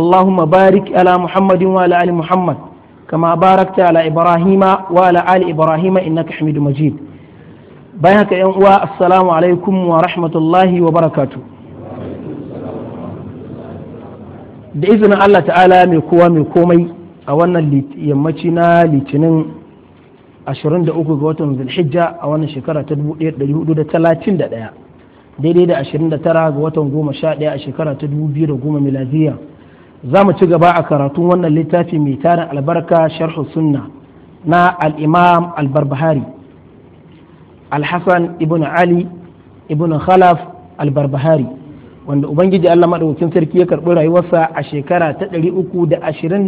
اللهم بارك على محمد وعلى آل محمد كما باركت على إبراهيم وعلى آل إبراهيم إنك حميد مجيد بينك يا السلام عليكم ورحمة الله وبركاته da izinin Allah ta'ala mai kowa mai komai a wannan yammaci na litinin 23 ga watan zulhijja a wannan shekara ta 1431 daidai da tara ga watan 11 a shekara ta goma miladiyya za mu ci gaba a karatun wannan littafi mai tarin albarka sharhu sunna na al'imam al-barbahari al-hassan ibn ali ibn khalaf al-barbahari wanda ubangiji allah maɗaukin sarki ya karɓi rayuwarsa a shekara ta da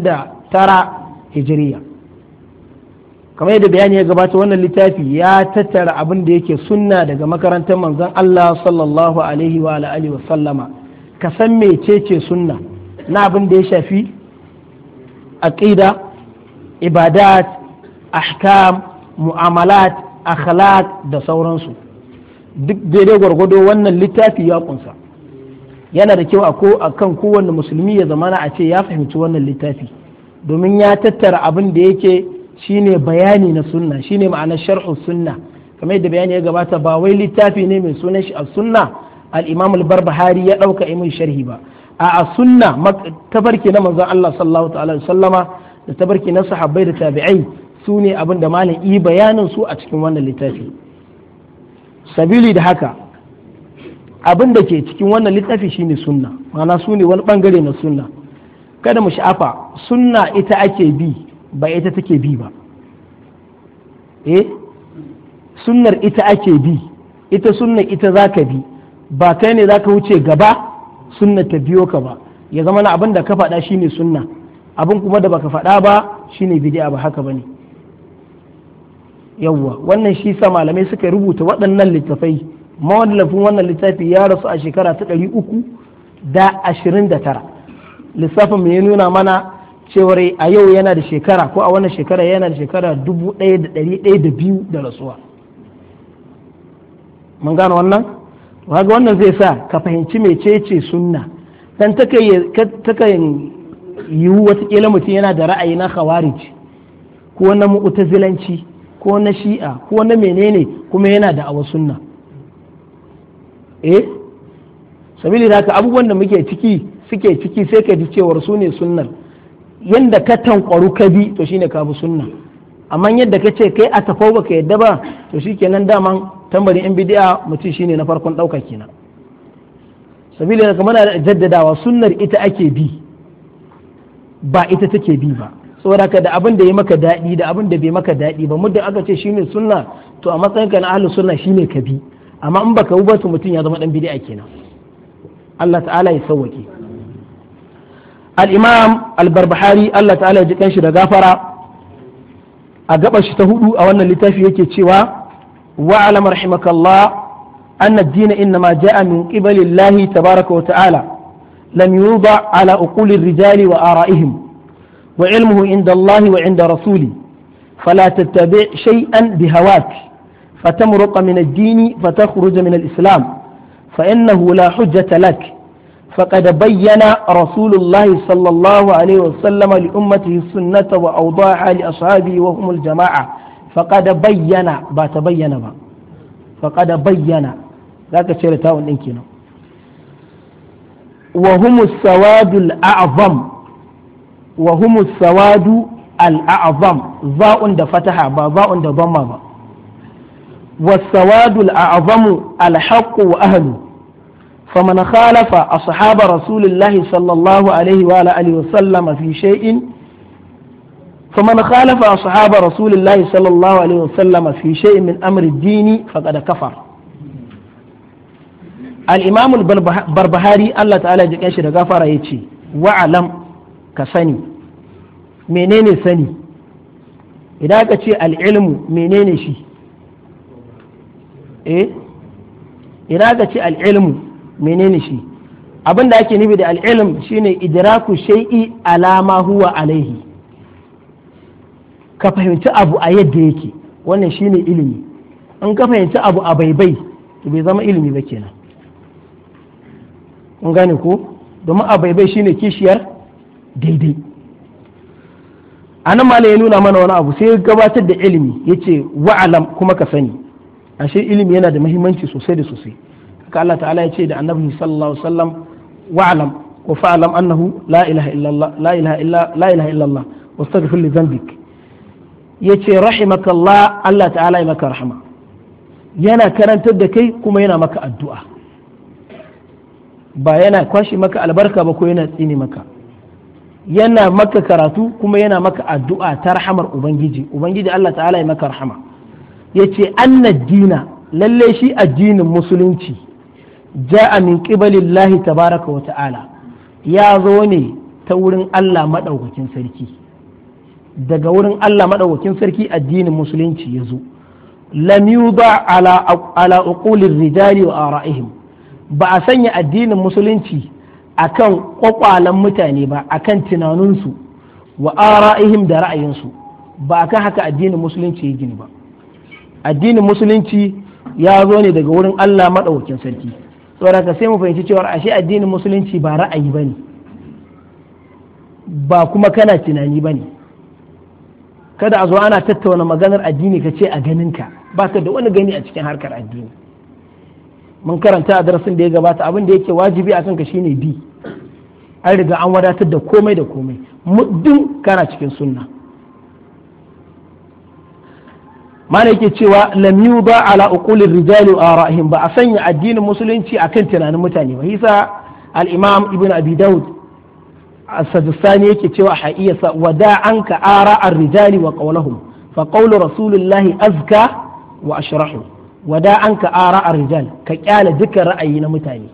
da tara hijiriya kamar yadda bayani ya gabata wannan littafi ya tattara abin da yake sunna daga makarantar manzon allah sallallahu alaihi wa alihi sallama ka san mecece sunna na abin da ya shafi aqida ibadat ahkam mu'amalat akhlaq da sauransu duk daidai gwargwado wannan littafi ya kunsa yana da kyau a kan kowanne musulmi ya zamana a ce ya fahimci wannan littafi domin ya tattara abin da yake shine bayani na sunna shine ma'anar sharh sunna kamar yadda bayani ya gabata ba wai littafi ne mai sunan shi a sunna al-imam al-barbahari ya dauka imin sharhi ba a sunna tafarki na manzon Allah sallallahu ta'ala sallama da tafarki na sahabbai da tabi'ai su ne abin da malam yi bayanin su a cikin wannan littafi sabili da haka abin da ke cikin wannan littafi shine sunna ma'ana su ne wani bangare na sunna kada mu sha'afa sunna ita ake bi ba ita take bi ba eh sunnar ita ake bi ita sunnar ita zaka bi ba kai ne zaka wuce gaba sunna ta biyo ka ba ya zama na abin da ka faɗa shine sunna abin kuma da baka faɗa ba shine bid'a ba haka bane yawwa wannan shi sa malamai suka rubuta waɗannan littafai mawallafin wannan littafi ya rasu a shekara ta ɗari uku da ashirin da tara lissafin ya nuna mana cewar a yau yana da shekara ko a wannan shekara yana da shekara dubu ɗaya da ɗari ɗaya da biyu da rasuwa mun gane wannan waga wannan zai sa ka fahimci mecece sunna dan takan yiwu watakila mutum yana da ra'ayi na khawarij ko na mu'tazilanci ko na shi'a ko na menene kuma yana da awa sunna eh sabili da haka abubuwan da muke ciki suke ciki sai ka ji cewar su ne sunnar yadda ka tankwaru ka bi to shine ka bi sunna amma yadda ka ce kai a tafau ka yadda ba to shikenan daman tambarin in bidi'a mutum shine na farkon ɗauka kenan sabila kamar da jaddadawa sunnar ita ake bi ba ita take bi ba saboda ka da abin da ya maka daɗi da abin da bai maka daɗi ba muddin aka ce shine sunna to a matsayin ka na ahlus sunna shine ka bi amma in baka bi ba to mutum ya zama dan bid'a kenan Allah ta'ala ya sauwake al-imam al-barbahari Allah ta'ala ya ji kanshi da gafara a gaba shi ta hudu a wannan littafi yake cewa واعلم رحمك الله أن الدين إنما جاء من قبل الله تبارك وتعالى لم يوضع على عقول الرجال وآرائهم وعلمه عند الله وعند رسوله فلا تتبع شيئا بهواك فتمرق من الدين فتخرج من الإسلام فإنه لا حجة لك فقد بين رسول الله صلى الله عليه وسلم لأمته السنة وأوضاعها لأصحابه وهم الجماعة Faƙada bayyana ba ta bayyana ba faƙada bayyana ka cire tawun din kenan wa humus sawadu a'zam wa humus sawadu al'azam za'un da fataha ba za'un da bamma ba والسواد الأعظم الحق ahlu فمن خالف أصحاب رسول الله صلى الله عليه wa وسلم fi شيء فمن خالف أصحاب رسول الله صلى الله عليه وسلم في شيء من أمر الدين فقد كفر الإمام البربهاري الله تعالى جكاش غفر يتي وعلم كسني منين سني إذا كتي العلم منين شي إيه إذا كتي العلم منين شي abin da ake nufi da al'ilm shine idraku shay'i alama huwa alaihi ka fahimci abu a yadda yake wannan shine ilimi in ka fahimci abu a baibai to bai zama ilimi ba kenan kun gane ko domin a baibai shine kishiyar daidai a nan malam ya nuna mana wani abu sai ya gabatar da ilimi ya ce wa'alam kuma ka sani ashe ilimi yana da muhimmanci sosai da sosai haka Allah ta'ala ya ce da annabi sallallahu alaihi wasallam wa'alam wa fa'alam annahu la ilaha illallah la illa la ilaha illallah wastaghfir li dhanbik ya ce rahimakallah Allah ta'ala ya maka rahama yana karantar da kai kuma yana maka addu'a ba yana kwashe maka albarka ba ko yana tsini maka yana maka karatu kuma yana maka addu'a ta rahamar ubangiji ubangiji Allah ta'ala ya maka rahama yace annad dina lalle shi addinin musulunci ja'a min qibalillahi tabaraka wa ta'ala ya zo ne ta wurin Allah madaukakin sarki daga wurin Allah maɗaukakin sarki addinin musulunci ya zo lam yuda ala ala uqulir rijali wa ara'ihim ba a sanya addinin musulunci akan kwakwalan mutane ba akan tunaninsu wa ara'ihim da ra'ayinsu ba akan haka addinin musulunci ya gini ba addinin musulunci ya zo ne daga wurin Allah maɗaukakin sarki saboda sai mu fahimci cewa ashe addinin musulunci ba ra'ayi bane ba kuma kana tunani bane kada a zo ana tattauna maganar addini ka ce a ganinka ba ka da wani gani a cikin harkar addini mun karanta a darasin da ya gabata abin da yake wajibi a kanka shine bi an riga an wadatar da komai da komai muddin kana cikin sunna mana yake cewa lam ba ala uqulir rijali wa ara'ihim ba a sanya addinin musulunci akan tunanin mutane ba hisa al-imam ibn abi daud sadistani yake cewa haiyasa wada an ka ara ar-rijali wa qawluhum fa qawlu rasulillahi azka wa ashrahu wada an ka ara ar-rijal ka kyale duka ra'ayi na mutane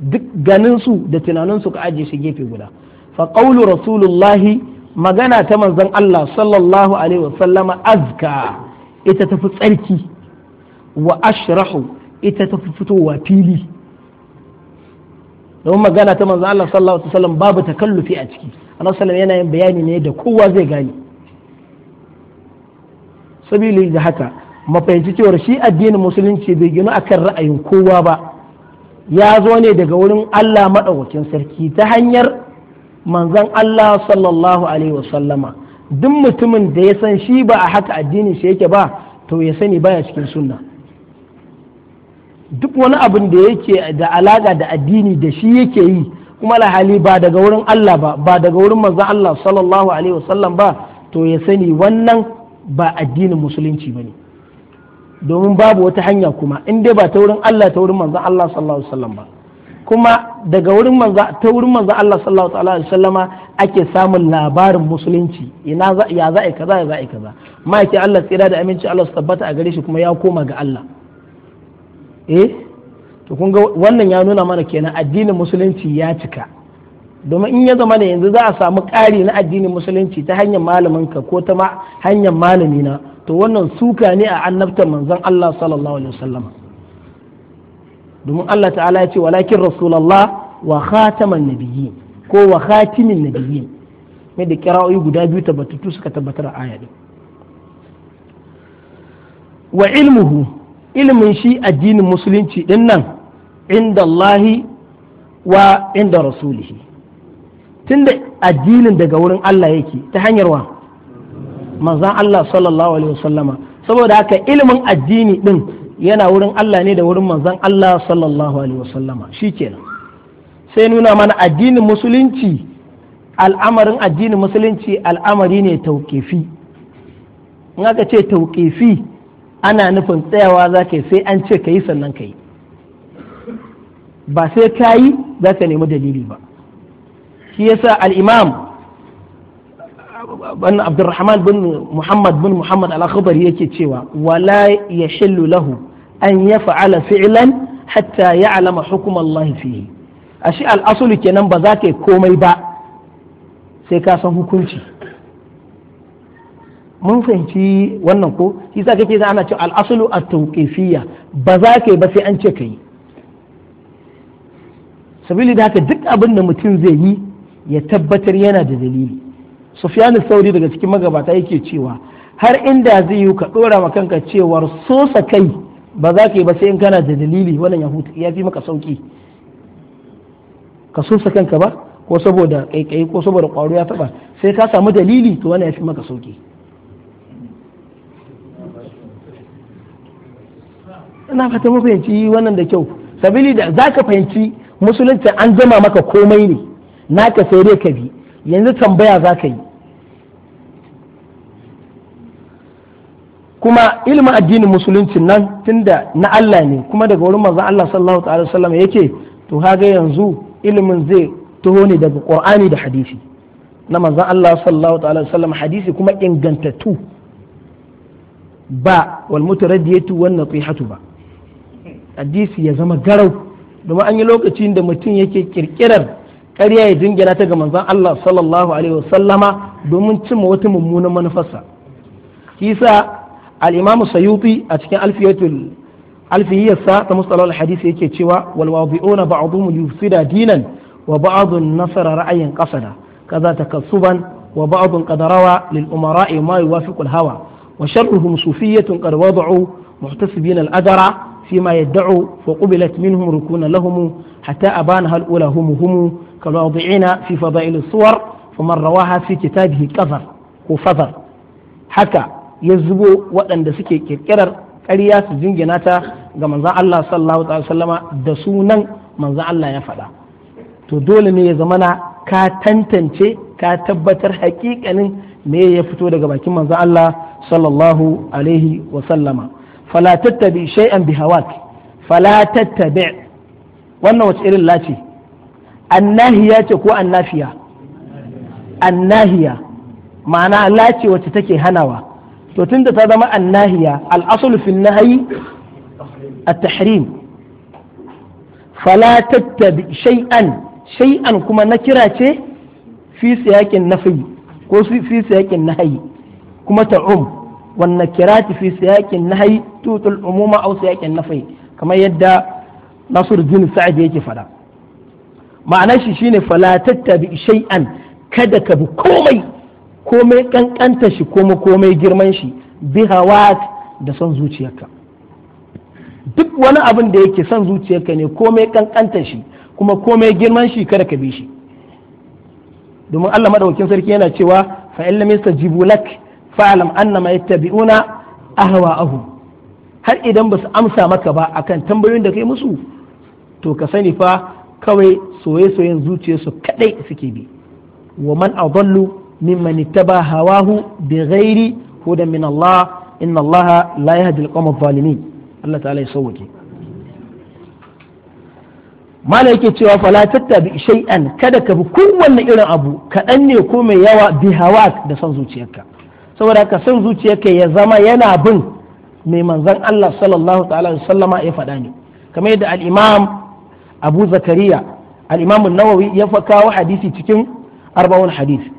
duk ganin da tunanin su ka ajiye shi gefe guda fa qawlu magana ta manzon Allah sallallahu alaihi wa sallama azka ita tafi tsarki wa ashrahu ita tafi fitowa fili domin magana ta manzo Allah sallallahu alaihi wasallam babu takallufi a ciki Allah sallallahu yana yin bayani ne da kowa zai gani sabili da haka mafahimci cewar shi addinin musulunci bai ginu akan ra'ayin kowa ba ya zo ne daga wurin Allah maɗaukakin sarki ta hanyar manzon Allah sallallahu alaihi wasallama duk mutumin da ya san shi ba a haka addinin shi yake ba to ya sani baya cikin sunna duk wani abin da yake da alaka da addini da shi yake yi kuma lahali ba daga wurin Allah ba ba daga wurin manzon Allah sallallahu alaihi wasallam ba to ya sani wannan ba addinin musulunci bane domin babu wata hanya kuma in dai ba ta wurin Allah ta wurin manzon Allah sallallahu alaihi wasallam ba kuma daga wurin manza ta wurin manza Allah sallallahu alaihi wasallama ake samun labarin musulunci ina ya za'i kaza ya za'i kaza ma yake Allah tsira da aminci Allah su tabbata a gare shi kuma ya koma ga Allah eh to kun ga wannan ya nuna mana kenan addinin musulunci ya cika domin in ya zama ne yanzu za a samu ƙari na addinin musulunci ta hanyar malaminka ko ta ma hanyar malamina to wannan suka ne a annabta manzon Allah sallallahu alaihi wasallam domin Allah ta'ala ya ce walakin rasulullah wa khataman nabiyyi ko wa khatimin nabiyyi mai da kira'o'i guda biyu tabbatattu suka tabbatar a aya wa ilmuhu ilimin shi addinin musulunci din nan inda Allahi wa inda rasulihi tunda addinin daga wurin Allah yake ta hanyar wa manzan Allah sallallahu alaihi wasallama saboda haka ilimin addini din yana wurin Allah ne da wurin manzan Allah sallallahu alaihi wasallama kenan sai nuna mana addinin musulunci al'amarin addinin musulunci al'amari ne tauƙifi in aka ce tauƙifi ana nufin tsayawa za ka yi sai an ce ka yi sannan ka yi ba sai ka yi za ka nemi dalili ba shi yasa al'imam. imam bin abdurrahman bin muhammad bin muhammad yake cewa wala shillu lahu an fa'ala fi'ilan hatta alama hukum Allah fihi ashi al-aslu kenan ba za ka yi komai ba sai ka san hukunci mun fahimci wannan ko shi sa kake ga ana cewa al'asulu a tauqifiyya ba za ka yi ba sai an ce ka yi sabili da haka duk abin da mutum zai yi ya tabbatar yana da dalili sufiyanu sauri daga cikin magabata yake cewa har inda zai yi ka dora ma kanka cewar sosa kai ba za ka yi ba sai in kana da dalili wannan ya hutu ya fi maka sauki ka sosa kanka ba ko saboda ƙaiƙayi ko saboda ƙwaro ya taba sai ka samu dalili to wannan ya fi maka sauki ina fata mu fahimci wannan da kyau sabili da za ka fahimci musulunci an jama maka komai ne naka sai dai ka bi yanzu tambaya za ka yi kuma ilimin addinin musulunci nan tunda na Allah ne kuma daga wurin manzon Allah sallallahu alaihi wasallam yake to kaga yanzu ilimin zai taho ne daga Qur'ani da hadisi na manzon Allah sallallahu alaihi wasallam hadisi kuma ingantattu ba wal mutaraddiyatu wan nasihatu ba hadisi ya zama garau domin an yi lokacin da mutum yake kirkirar ƙarya ya jingina ta ga manzon Allah sallallahu alaihi wasallama domin cimma wata mummunan manufarsa kisa al-imam sayuti a cikin alfiyatul alfiyarsa ta mustalahul hadisi yake cewa wal wadi'una ba'dhum yufsida dinan wa ba'dhun nasara ra'ayin qasada kaza takassuban wa ba'dhun qad lil umara'i ma yuwafiqu al-hawa wa sharruhum sufiyyatun qad wada'u muhtasibina al-ajra فيما يدعوا وقبلت منهم ركون لهم حتى أبانها الأولى هم هم كالواضعين في فضائل الصور فمن رواها في كتابه كفر haka حكى يزبو وأن دسكي كرر karya su jingina ta ga manzan Allah sallallahu alaihi wasallama da sunan manzan Allah ya faɗa to dole ne ya zamana ka tantance ka tabbatar hakikanin me ya fito daga bakin manza Allah sallallahu wasallama fala tattabi shay'an bihawak fala tattabi wannan wace irin lati annahiya ce ko annafiya annahiya ma'ana lace wacce take hanawa to tunda ta zama annahiya alasul fil nahyi at-tahrim fala tattabi shay'an shay'an kuma na kira ce fi siyakin nafi ko fi siyakin nahyi kuma ta'um Wannan والنكرات في سياق النهي توت العموم أو سياق النفي kamar yadda نصر الدين yake يجي ma'anar معنى shine فلا تتبع an kada ka bi komai komai kankanta shi kuma komai girman shi bi hawat da son zuciyarka duk wani abin da yake son zuciyarka ne komai kankanta shi kuma komai girman shi kada ka bi shi domin Allah maɗaukin sarki yana cewa fa in jibulak yastajibu lak fa'alam annama yattabi'una ahwa'ahum har idan ba su amsa maka ba akan tambayoyin da kai musu to ka sani fa kawai soye-soyen zuciyarsu kadai suke bi wa man adallu mimman ittaba hawahu bi ghairi hudan min Allah inna Allah la yahdi al-qawma adh-dhalimin Allah ta'ala ya sauke mala yake cewa fala tattabi shay'an kada ka bi kowanne irin abu kaɗan ne ko mai yawa bi hawa da son zuciyarka saboda ka san zuciyarka ya zama yana bin mai manzon Allah sallallahu ta'ala sallama ya faɗa ne kamar yadda al-imam Abu Zakariya al-imam nawawi ya fa kawo hadisi cikin arba'un hadisi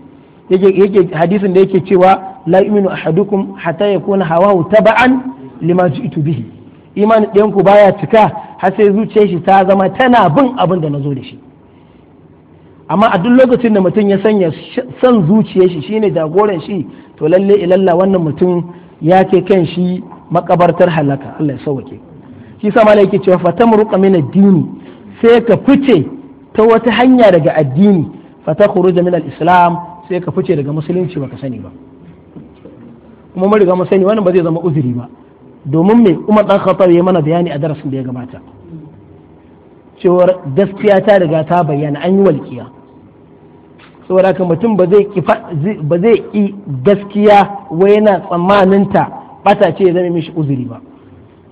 yake yake hadisin da yake cewa la yu'minu ahadukum hatta yakuna hawahu taba'an lima ji'tu bihi imanin ɗayan ku baya cika har sai zuciyar shi ta zama tana bin abin da nazo da shi amma a duk lokacin da mutum ya sanya son zuciyar shi shine jagoran shi to lalle ilalla wannan mutum ya ke kan shi makabartar halaka Allah ya sauke shi sa malai yake cewa ruqa min addini sai ka fice ta wata hanya daga addini khuruja min al-islam sai ka fice daga musulunci baka sani ba kuma mun riga mun sani wannan ba zai zama uzuri ba domin me Umar dan Khattab ya mana bayani a darasin da ya gabata cewar gaskiya ta riga ta bayyana an yi walƙiya saboda haka mutum ba zai ki gaskiya wai yana tsammanin ta bata ce ya zame mishi uzuri ba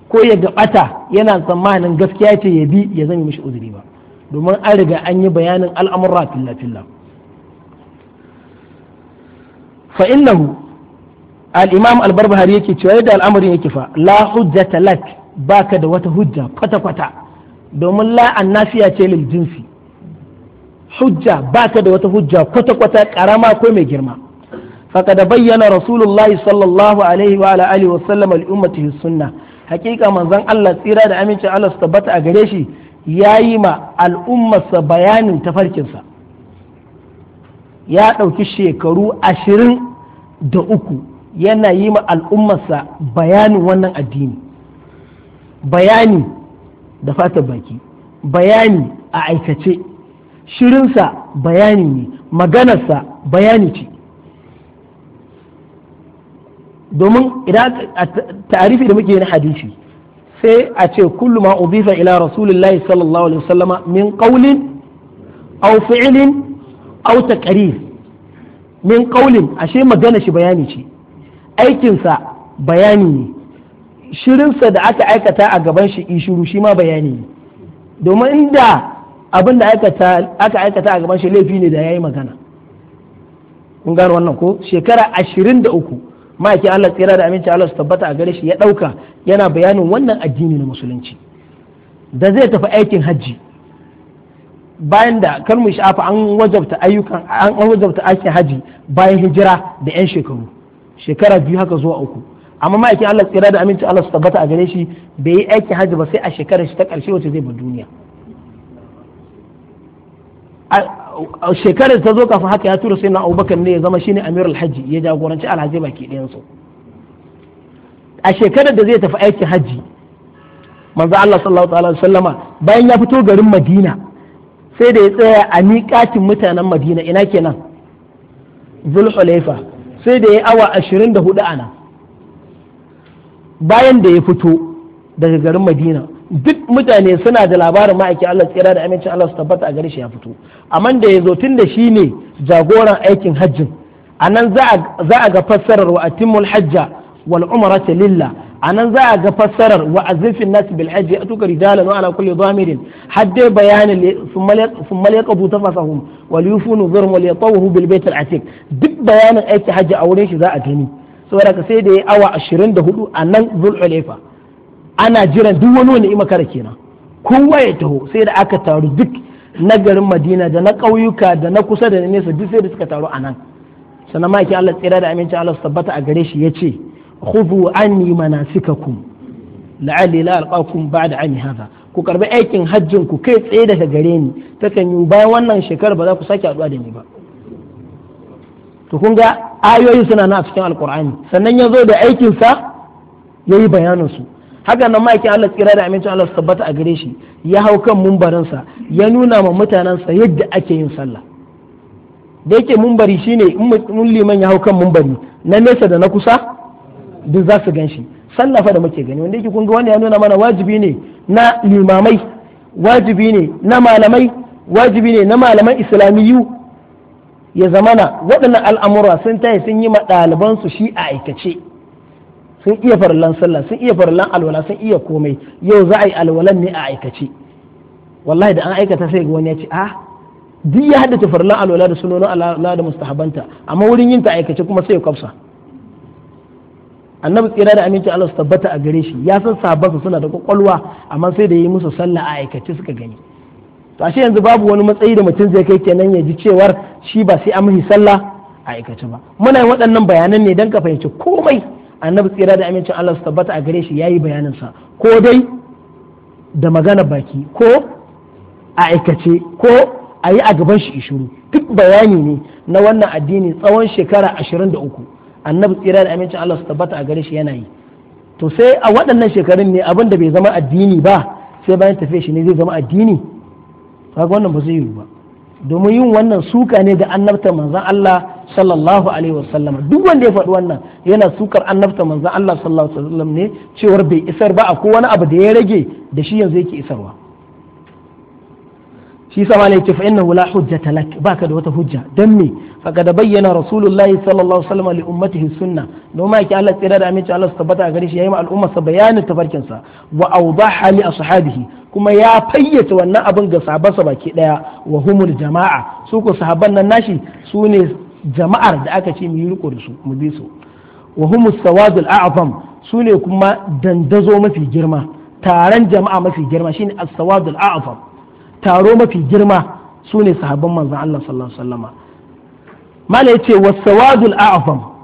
ko ya ga bata yana tsammanin gaskiya ce ya bi ya zame mishi uzuri ba domin an riga an yi bayanin al'amurra filla filla fa innahu al-imam al-barbahari yake cewa yadda al'amarin yake fa la hujjata lak baka da wata hujja kwata kwata domin la annasiya ce lil jinsi hujja ba ta da wata hujja kwata-kwata karama ko mai girma faqad bayyana rasulullah sallallahu alaihi wa ala wa sallam al-ummati sunna hakika manzon Allah tsira da amincin Allah su tabbata a gare shi yayi ma al'ummarsa bayanin tafarkinsa ya ɗauki shekaru ashirin da uku yana yi ma al'ummarsa bayanin wannan addini bayani da fata baki bayani a aikace shirinsa bayani ne maganarsa bayani ce domin idan tarifi da muke na hadisi sai a ce kullu ma ubifa ila sallallahu alaihi wasallama min qawlin aw fi'lin aw taqrir min qawlin ashe magana shi bayani ce aikinsa bayani ne shirinsa da aka aikata a gaban shi shiru shi ma bayani ne domin inda abin da aka aikata a gaban shi laifi ne da ya yi magana kun gano wannan ko shekara ashirin da uku ma'aikin Allah tsira da aminci Allah su tabbata a gare shi ya ɗauka yana bayanin wannan addini na musulunci da zai tafi aikin hajji bayan da kalmi sha'afa an wajabta ayyukan an wajabta aikin hajji bayan hijira da yan shekaru shekara biyu haka zuwa uku amma ma'aikin Allah tsira da aminci Allah su tabbata a gare shi bai yi aikin hajji ba sai a shekarar shi ta ƙarshe wacce zai bar duniya shekarar ta zo kafin haka ya tura sai na abubakar ne ya zama shine amir alhaji ya jagoranci alhaji ke ɗayansu a shekarar da zai tafi aikin hajji manzo Allah sallallahu alaihi wasallama bayan ya fito garin Madina sai da ya tsaya a miƙatin mutanen Madina ina kenan Zulhulaifa sai da ya awa ashirin da hudu ana bayan da ya fito daga garin Madina duk mutane suna da labarin ma'aikin Allah tsira da amincin Allah su tabbata a gare shi ya fito amma da ya zo tun da shi ne jagoran aikin hajjin a nan za a ga fassarar wa atimul hajja wal umrata lillah a nan za a ga fassarar wa azifin nas bil hajji atuka rijalan wa ala kulli dhamirin hadde bayanin thumma yaqbu tafasahum wal yufunu dhurm wal yatawu bil bayt al atiq duk bayanin aikin hajji a wurin shi za a gani saboda ka sai da ya awa 24 a nan zulhulaifa ana jiran duk wani wani imakar kenan kowa ya taho sai da aka taru duk na garin madina da na ƙauyuka da na kusa da nesa duk sai da suka taru a nan sannan ma ake Allah tsira da amincin Allah su tabbata a gare shi ya ce khudhu anni manasikakum la'alli la ba da ami haza ku karbi aikin hajjin ku kai tsaye daga gare ni ta kan yi bayan wannan shekarar ba za ku sake haɗuwa da ni ba to kun ga ayoyi suna nan a cikin Alƙur'ani sannan ya zo da aikinsa ya yi bayanin haka nan ma'aikin Allah tsira da amincin Allah su tabbata a gare shi ya hau kan mumbarinsa ya nuna ma mutanensa yadda ake yin sallah da yake mumbari shine in liman ya hau kan mumbari na nesa da na kusa duk za su gan shi sallah fa da muke gani wanda yake kun ga wanda ya nuna mana wajibi ne na limamai wajibi ne na malamai wajibi ne na malaman islamiyu ya zamana waɗannan al'amura sun taya sun yi ma ɗalibansu shi a aikace. sun iya farlan sallah sun iya farlan alwala sun iya komai yau za a yi alwalan ne a aikace wallahi da an aikata sai wani ya ce a ah, duk ya haddace farlan alwala da sunonin alwala da mustahabanta amma wurin yin ta aikace kuma sai ya kwafsa annabi tsira da aminci Allah su tabbata a gare shi ya san su suna da kwakwalwa amma sai da yi musu sallah a aikace suka gani to ashe yanzu babu wani matsayi da mutum zai kai kenan ya ji cewar shi ba sai an mihi sallah a aikace ba muna yin waɗannan bayanan ne don ka fahimci komai annabi tsira da amincin Allah su tabbata a gare shi yayi bayanin sa ko dai da magana baki ko a aikace ko a yi a gaban shi ishuru duk bayani ne na wannan addini tsawon shekara 23 annabi tsira da amincin Allah su tabbata a gare shi yana yi to sai a waɗannan shekarun ne abin da bai zama addini ba sai bayan tafiya shi ne zai zama addini kaga wannan ba zai yiwu ba domin yin wannan suka ne ga annabta manzan Allah sallallahu alaihi wasallam duk wanda ya faɗi wannan yana sukar annabta manzan Allah sallallahu alaihi wasallam ne cewar bai isar ba a wani abu da ya rage da shi yanzu yake isarwa shi sama ne ce fa innahu la hujjata lak baka da wata hujja dan me da bayyana rasulullahi sallallahu alaihi wasallam li ummatihi sunna don ma yake Allah tsira da aminci Allah su tabbata a gare shi yayi ma al'umma sa bayanin tafarkin sa wa awdaha li ashabihi kuma ya fayyace wannan abin ga sahabbansa baki daya wa humul jama'a su ko sahabban nan nashi su ne jama'ar da aka ce mu yi riko da su mu bi su wa humus sawadul a'zam su ne kuma dandazo mafi girma taron jama'a mafi girma shine as-sawadul a'zam taro mafi girma su ne sahabban manzan Allah sallallahu alaihi wasallama mala yace wasawadul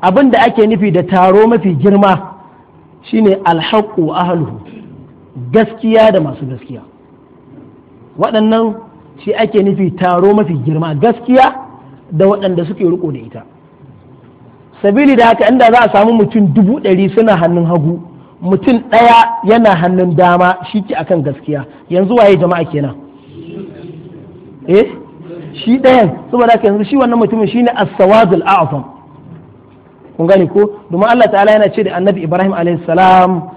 abin da ake nufi da taro mafi girma shine alhaqu ahluhu gaskiya da masu gaskiya waɗannan shi ake nufi taro mafi girma gaskiya da waɗanda suke riko da ita sabili da haka inda za a samu mutum dubu ɗari suna hannun hagu mutum ɗaya yana hannun dama shi ke akan gaskiya yanzu waye jama'a kenan eh shi ɗayan saboda haka yanzu shi wannan mutumin shine as-sawadul a'zam kun gane ko domin Allah ta'ala yana ce da Annabi Ibrahim alaihi salam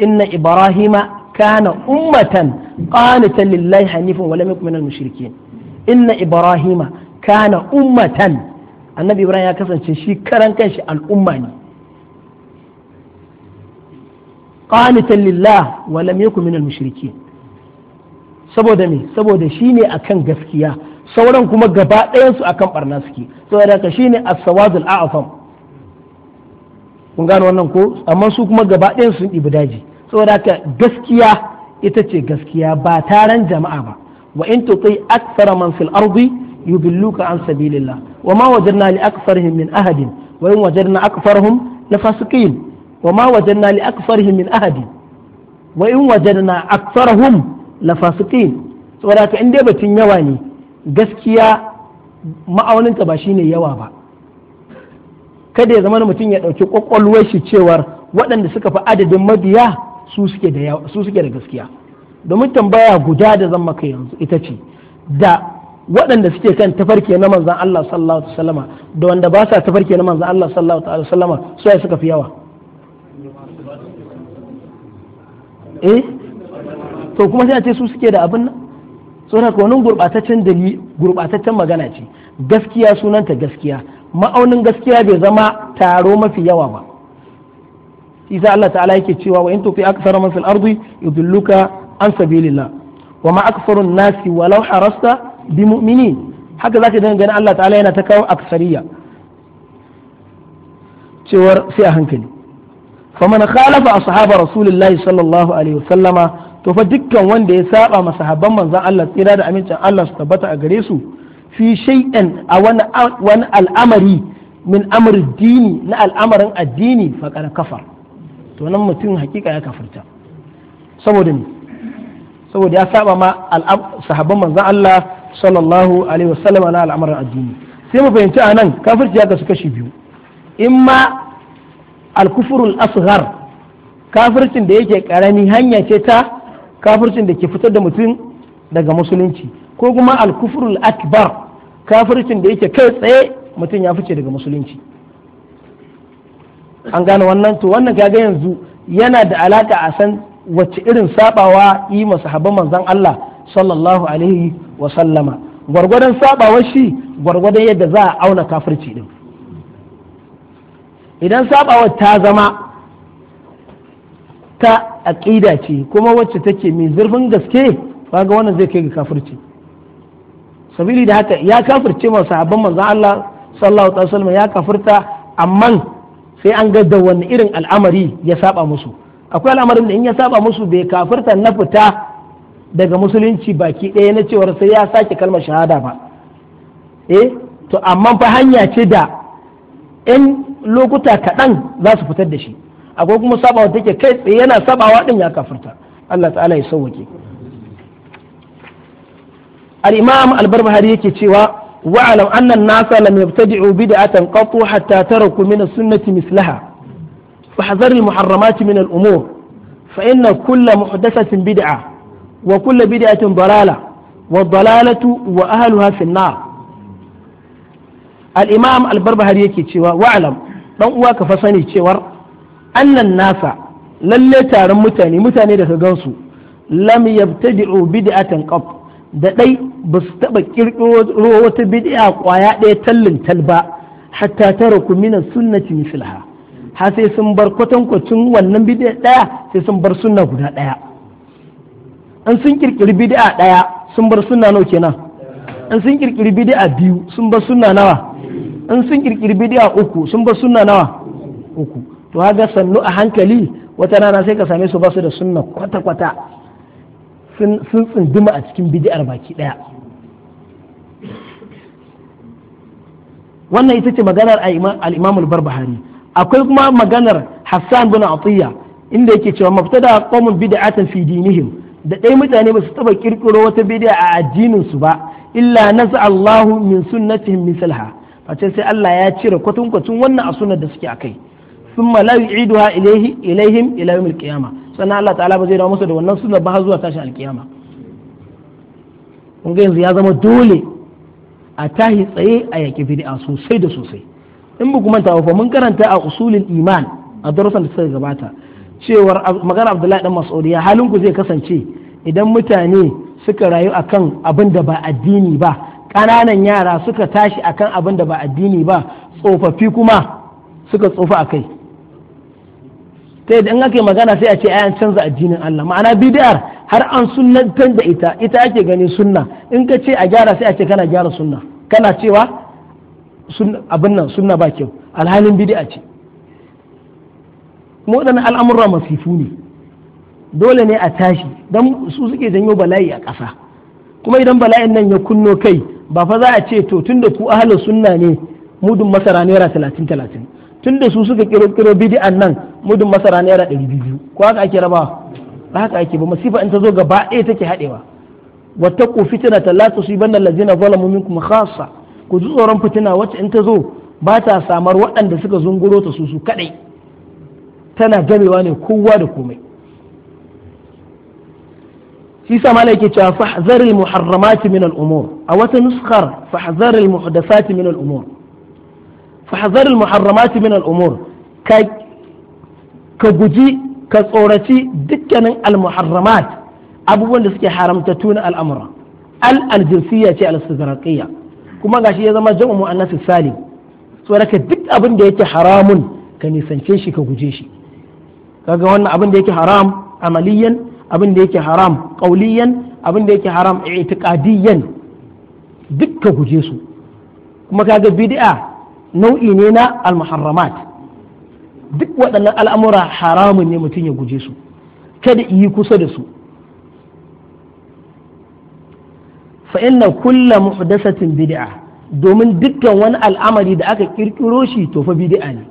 inna ibrahima kana ummatan qanitan lillahi hanifan wa lam yakun minal mushrikeen inna ibrahima kana ummatan annabi ibrahim ya kasance shi karan kanshi al'umma ne qanitan lillah wa lam yakun minal mushrikeen saboda me saboda shine akan gaskiya sauran kuma gaba ɗayan su akan barna suke saboda haka shine as-sawadul a'fam kun gano wannan ko amma su kuma gaba ɗayan sun ɗibi daji saboda haka gaskiya ita ce gaskiya ba taron jama'a ba wa in tuti akthara man fil ardi yubilluka an sabilillah wa ma wajadna li aktharihim min ahadin wa in wajadna aktharahum lafasiqin wa ma wajadna li aktharihim min ahadin wa in wajadna aktharahum lafasiqin saboda haka in dai batun yawa ne gaskiya ma'auninta ba shine yawa ba kada ya zama mutum ya ɗauki ƙwaƙwalwar shi cewar waɗanda suka fi adadin mabiya su suke da gaskiya domin tambaya guda da zan maka yanzu ita ce da waɗanda suke kan tafarki na manzan Allah sallallahu alaihi wasallama da wanda ba sa tafarki na manzan Allah sallallahu alaihi wasallama su ya suka fi yawa eh to kuma sai a ce su suke da abin nan so da wannan gurbataccen dalili magana ce gaskiya sunanta gaskiya ma'aunin gaskiya bai zama taro mafi yawa ba isa Allah ta'ala yake cewa wa in tufi aksara man fil ardi yudilluka an sabilillah wa ma aksarun nasi walau harasta bi mu'minin haka zaka dinga ganin Allah ta'ala yana ta kawo aksariya cewar sai a hankali faman khalafa ashab rasulullahi sallallahu alaihi wasallama to fa dukkan wanda ya saba masa habban manzan Allah tsira da amincin Allah su tabbata a gare su fi shay'an a wani al'amari min amr dini na al'amarin addini fa kana kafa to nan mutum hakika ya kafirta saboda ni saboda ya saba ma sahabban manzan Allah sallallahu alaihi wasallam na al'amarin addini sai mu fahimci a nan kafirci ya gasu kashi biyu in ma alkufurul asghar kafircin da yake karami hanya ce ta kafircin da ke fitar da mutum daga musulunci ko kuma al-kufrul akbar kafircin da yake kai tsaye mutum ya fice daga musulunci an gane wannan to wannan kaga yanzu yana da alaka a san wacce irin sabawa yi masahaban manzon Allah sallallahu alaihi wa sallama gwargwadon sabawar shi gwargwadon yadda za a auna kafirci din idan sabawar ta zama ta aqida ce kuma wacce take mai zurfin gaske ga wannan zai kai ga kafirci sabili da haka ya kafirce ma sahabban manzon Allah sallallahu alaihi wasallam ya kafirta amma sai an ga da wani irin al'amari ya saba musu akwai al'amarin da in ya saba musu bai kafirta na fita daga musulunci baki ɗaya na cewar sai ya sake kalmar shahada ba eh to amma fa hanya ce da in lokuta kaɗan za su fitar da shi akwai kuma saba wanda take kai tsaye yana sabawa din ya kafirta Allah ta'ala ya sauke al-imam al-barbahari yake cewa wa'alam anna an-nasa lam yabtadi'u bid'atan qatu hatta ta min as-sunnati mislaha wa hadhari muharramati min al-umur fa inna kull muhdathatin bid'a wa kull bid'atin dalala wa dalalatu wa ahliha fi an-nar al-imam al-barbahari cewa wa'alam dan uwa ka fa sani cewar annan nasa lalle taron mutane mutane da ka gansu lam yabtadi'u bid'atan qab da dai ba su taba kirkiro wata bid'a kwaya ɗaya tallin talba hatta taraku min sunnati mislaha har sai sun bar kwatankwacin wannan bid'a ɗaya sai sun bar sunna guda ɗaya an sun kirkiri bid'a ɗaya sun bar sunna nawa kenan an sun kirkiri bid'a biyu sun bar sunna nawa an sun kirkiri bid'a uku sun bar sunna nawa uku to ga sannu a hankali wata rana sai ka same su basu da sunna kwata-kwata sun tsinduma a cikin bidi'ar baki daya wannan ita ce maganar alimamul bar al-barbahari akwai kuma maganar hassan bin atiyya inda yake cewa mabtada qaumun bid'atan fi dinihim da ɗaya mutane ba su taba kirkiro wata bidi'a a addininsu ba illa nasa Allahu min sunnatihim misalha face sai Allah ya cire kwatunkwatun wannan a sunnar da suke a kai. thumma la yu'iduha ilayhi ilayhim ila yawmil qiyamah sannan Allah ta'ala ba zai dawo musu da wannan suna ba zuwa tashin alkiyama kun ga yanzu ya zama dole a tahi tsaye a yaki a sosai da sosai in ba kuma fa mun karanta a usulin iman a darussan da suka gabata cewar magana Abdullahi dan ya halin ku zai kasance idan mutane suka rayu akan abin da ba addini ba ƙananan yara suka tashi akan abin da ba addini ba tsofaffi kuma suka tsofa a kai ta yadda in aka yi magana sai a ce ayan canza addinin Allah ma'ana bid'ar har an sunnantar da ita ita ake ganin sunna in ka ce a gyara sai a ce kana gyara sunna kana cewa abin nan sunna ba kyau alhalin bid'a ce mu al'amurra masifu ne dole ne a tashi dan su suke janyo bala'i a ƙasa kuma idan bala'in nan ya kunno kai ba fa za a ce to tunda ku ahlus sunna ne mudun masara naira talatin talatin tunda su suka kirkiro bid'an nan mudun masara naira ɗari biyu ko haka ake raba ba haka ake ba masifa in ta zo gaba ɗaya take haɗewa wattaqu fitnata la tusibanna allazina zalamu minkum khassa ku ji tsoron fitina wacce in ta zo ba ta samar waɗanda suka zunguro ta su su kaɗai tana gamewa ne kowa da komai shi sa mala yake cewa fahzar muharramati min al'umur a wata nuskar fahzar da muhdathati min al'umur umur muharramati min al'umur ka guji ka tsoraci dukkanin almuharramat abubuwan da suke haramta tuna al'amura al aljinsiyya ce al kuma gashi ya zama jam'u muannas salim tsoraka duk abin da yake haramun ka nisance shi ka guje shi kaga wannan abin da yake haram amaliyan abin da yake haram qauliyan abin da yake haram i'tiqadiyan duk ka guje su kuma kaga bid'a nau'i ne na al-muharramat duk waɗannan al'amura haramun ne mutum ya guje su kada yi kusa da su fa'inna kulla muhdasatin bid'a domin dukkan wani al'amari da aka ƙirƙiro shi tofa fa bid'a ne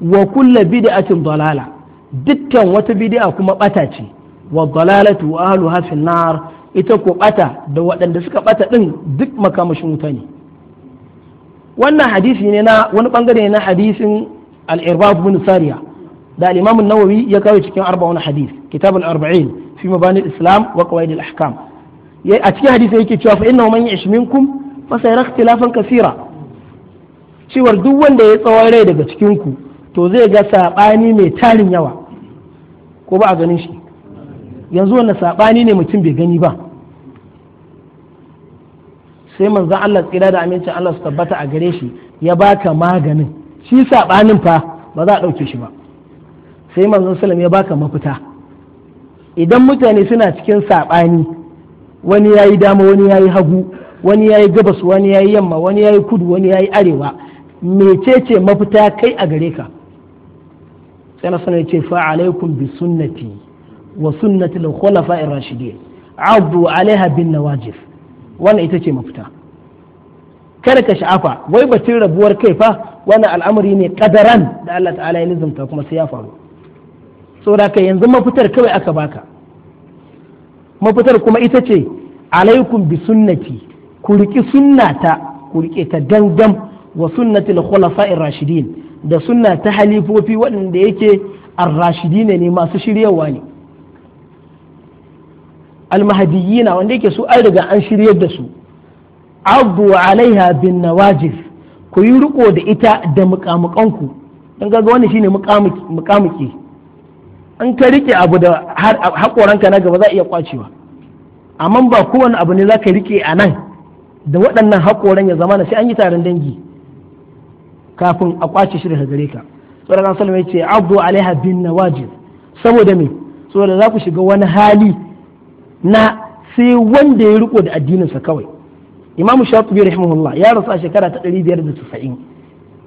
wa kulla bid'atin dalala dukkan wata bid'a kuma ɓata ce wa dalalatu wa ahluha hafin nar ita ko ɓata da waɗanda suka ɓata ɗin duk makamashin wuta ne wannan hadisi ne na wani ɓangare na hadisin al-irbab bin da al-imam nawawi ya kawo cikin arba'un hadith kitab arbain fi mabani islam wa qawaid al-ahkam a cikin hadisi yake cewa fa innahu man ya'ish minkum fa sayara ikhtilafan kaseera cewar duk wanda ya tsawon rai daga cikin ku to zai ga sabani mai tarin yawa ko ba a ganin shi yanzu wannan sabani ne mutum bai gani ba sai manzon Allah tsira da amincin Allah su tabbata a gare shi ya baka maganin shi saɓanin fa ba za a ɗauke shi ba sai manzon salam ya baka mafita idan mutane suna cikin saɓani wani ya yi dama wani ya yi hagu wani ya yi gabas wani ya yi yamma wani ya yi kudu wani ya yi arewa mecece mafita kai a gare ka sai na ya ce fa alaikum bi sunnati wa sunnati lil khulafa'i rashidin abu alaiha bin nawajif wannan ita ce mafita kada ka sha'afa wai batun rabuwar kai fa wannan al'amari ne kadaran da Allah ta'ala ya lizumta kuma sai ya faru saboda ka yanzu mafitar kawai aka baka mafitar kuma ita ce alaikum bi sunnati ku riki sunnata ku rike ta dangam wa al khulafa'ir rashidin da sunna ta halifofi waɗanda yake ar-rashidina ne masu shiryawa ne al-mahdiyina wanda yake su an riga an shiryar da su abu alaiha bin nawajib ku yi riko da ita da mukamukanku don kaga wani shine mukamuki an ka rike abu da haƙoranka na gaba za a iya kwacewa amma ba kowane abu ne za ka rike a nan da waɗannan haƙoran ya zama na sai an yi taron dangi kafin a kwace shi daga gare ka tsoron salama ya ce abdu alaiha bin nawajib saboda me saboda za ku shiga wani hali na sai wanda ya riko da addininsa kawai imamu shatibi rahimahullah ya rasu a shekara ta 590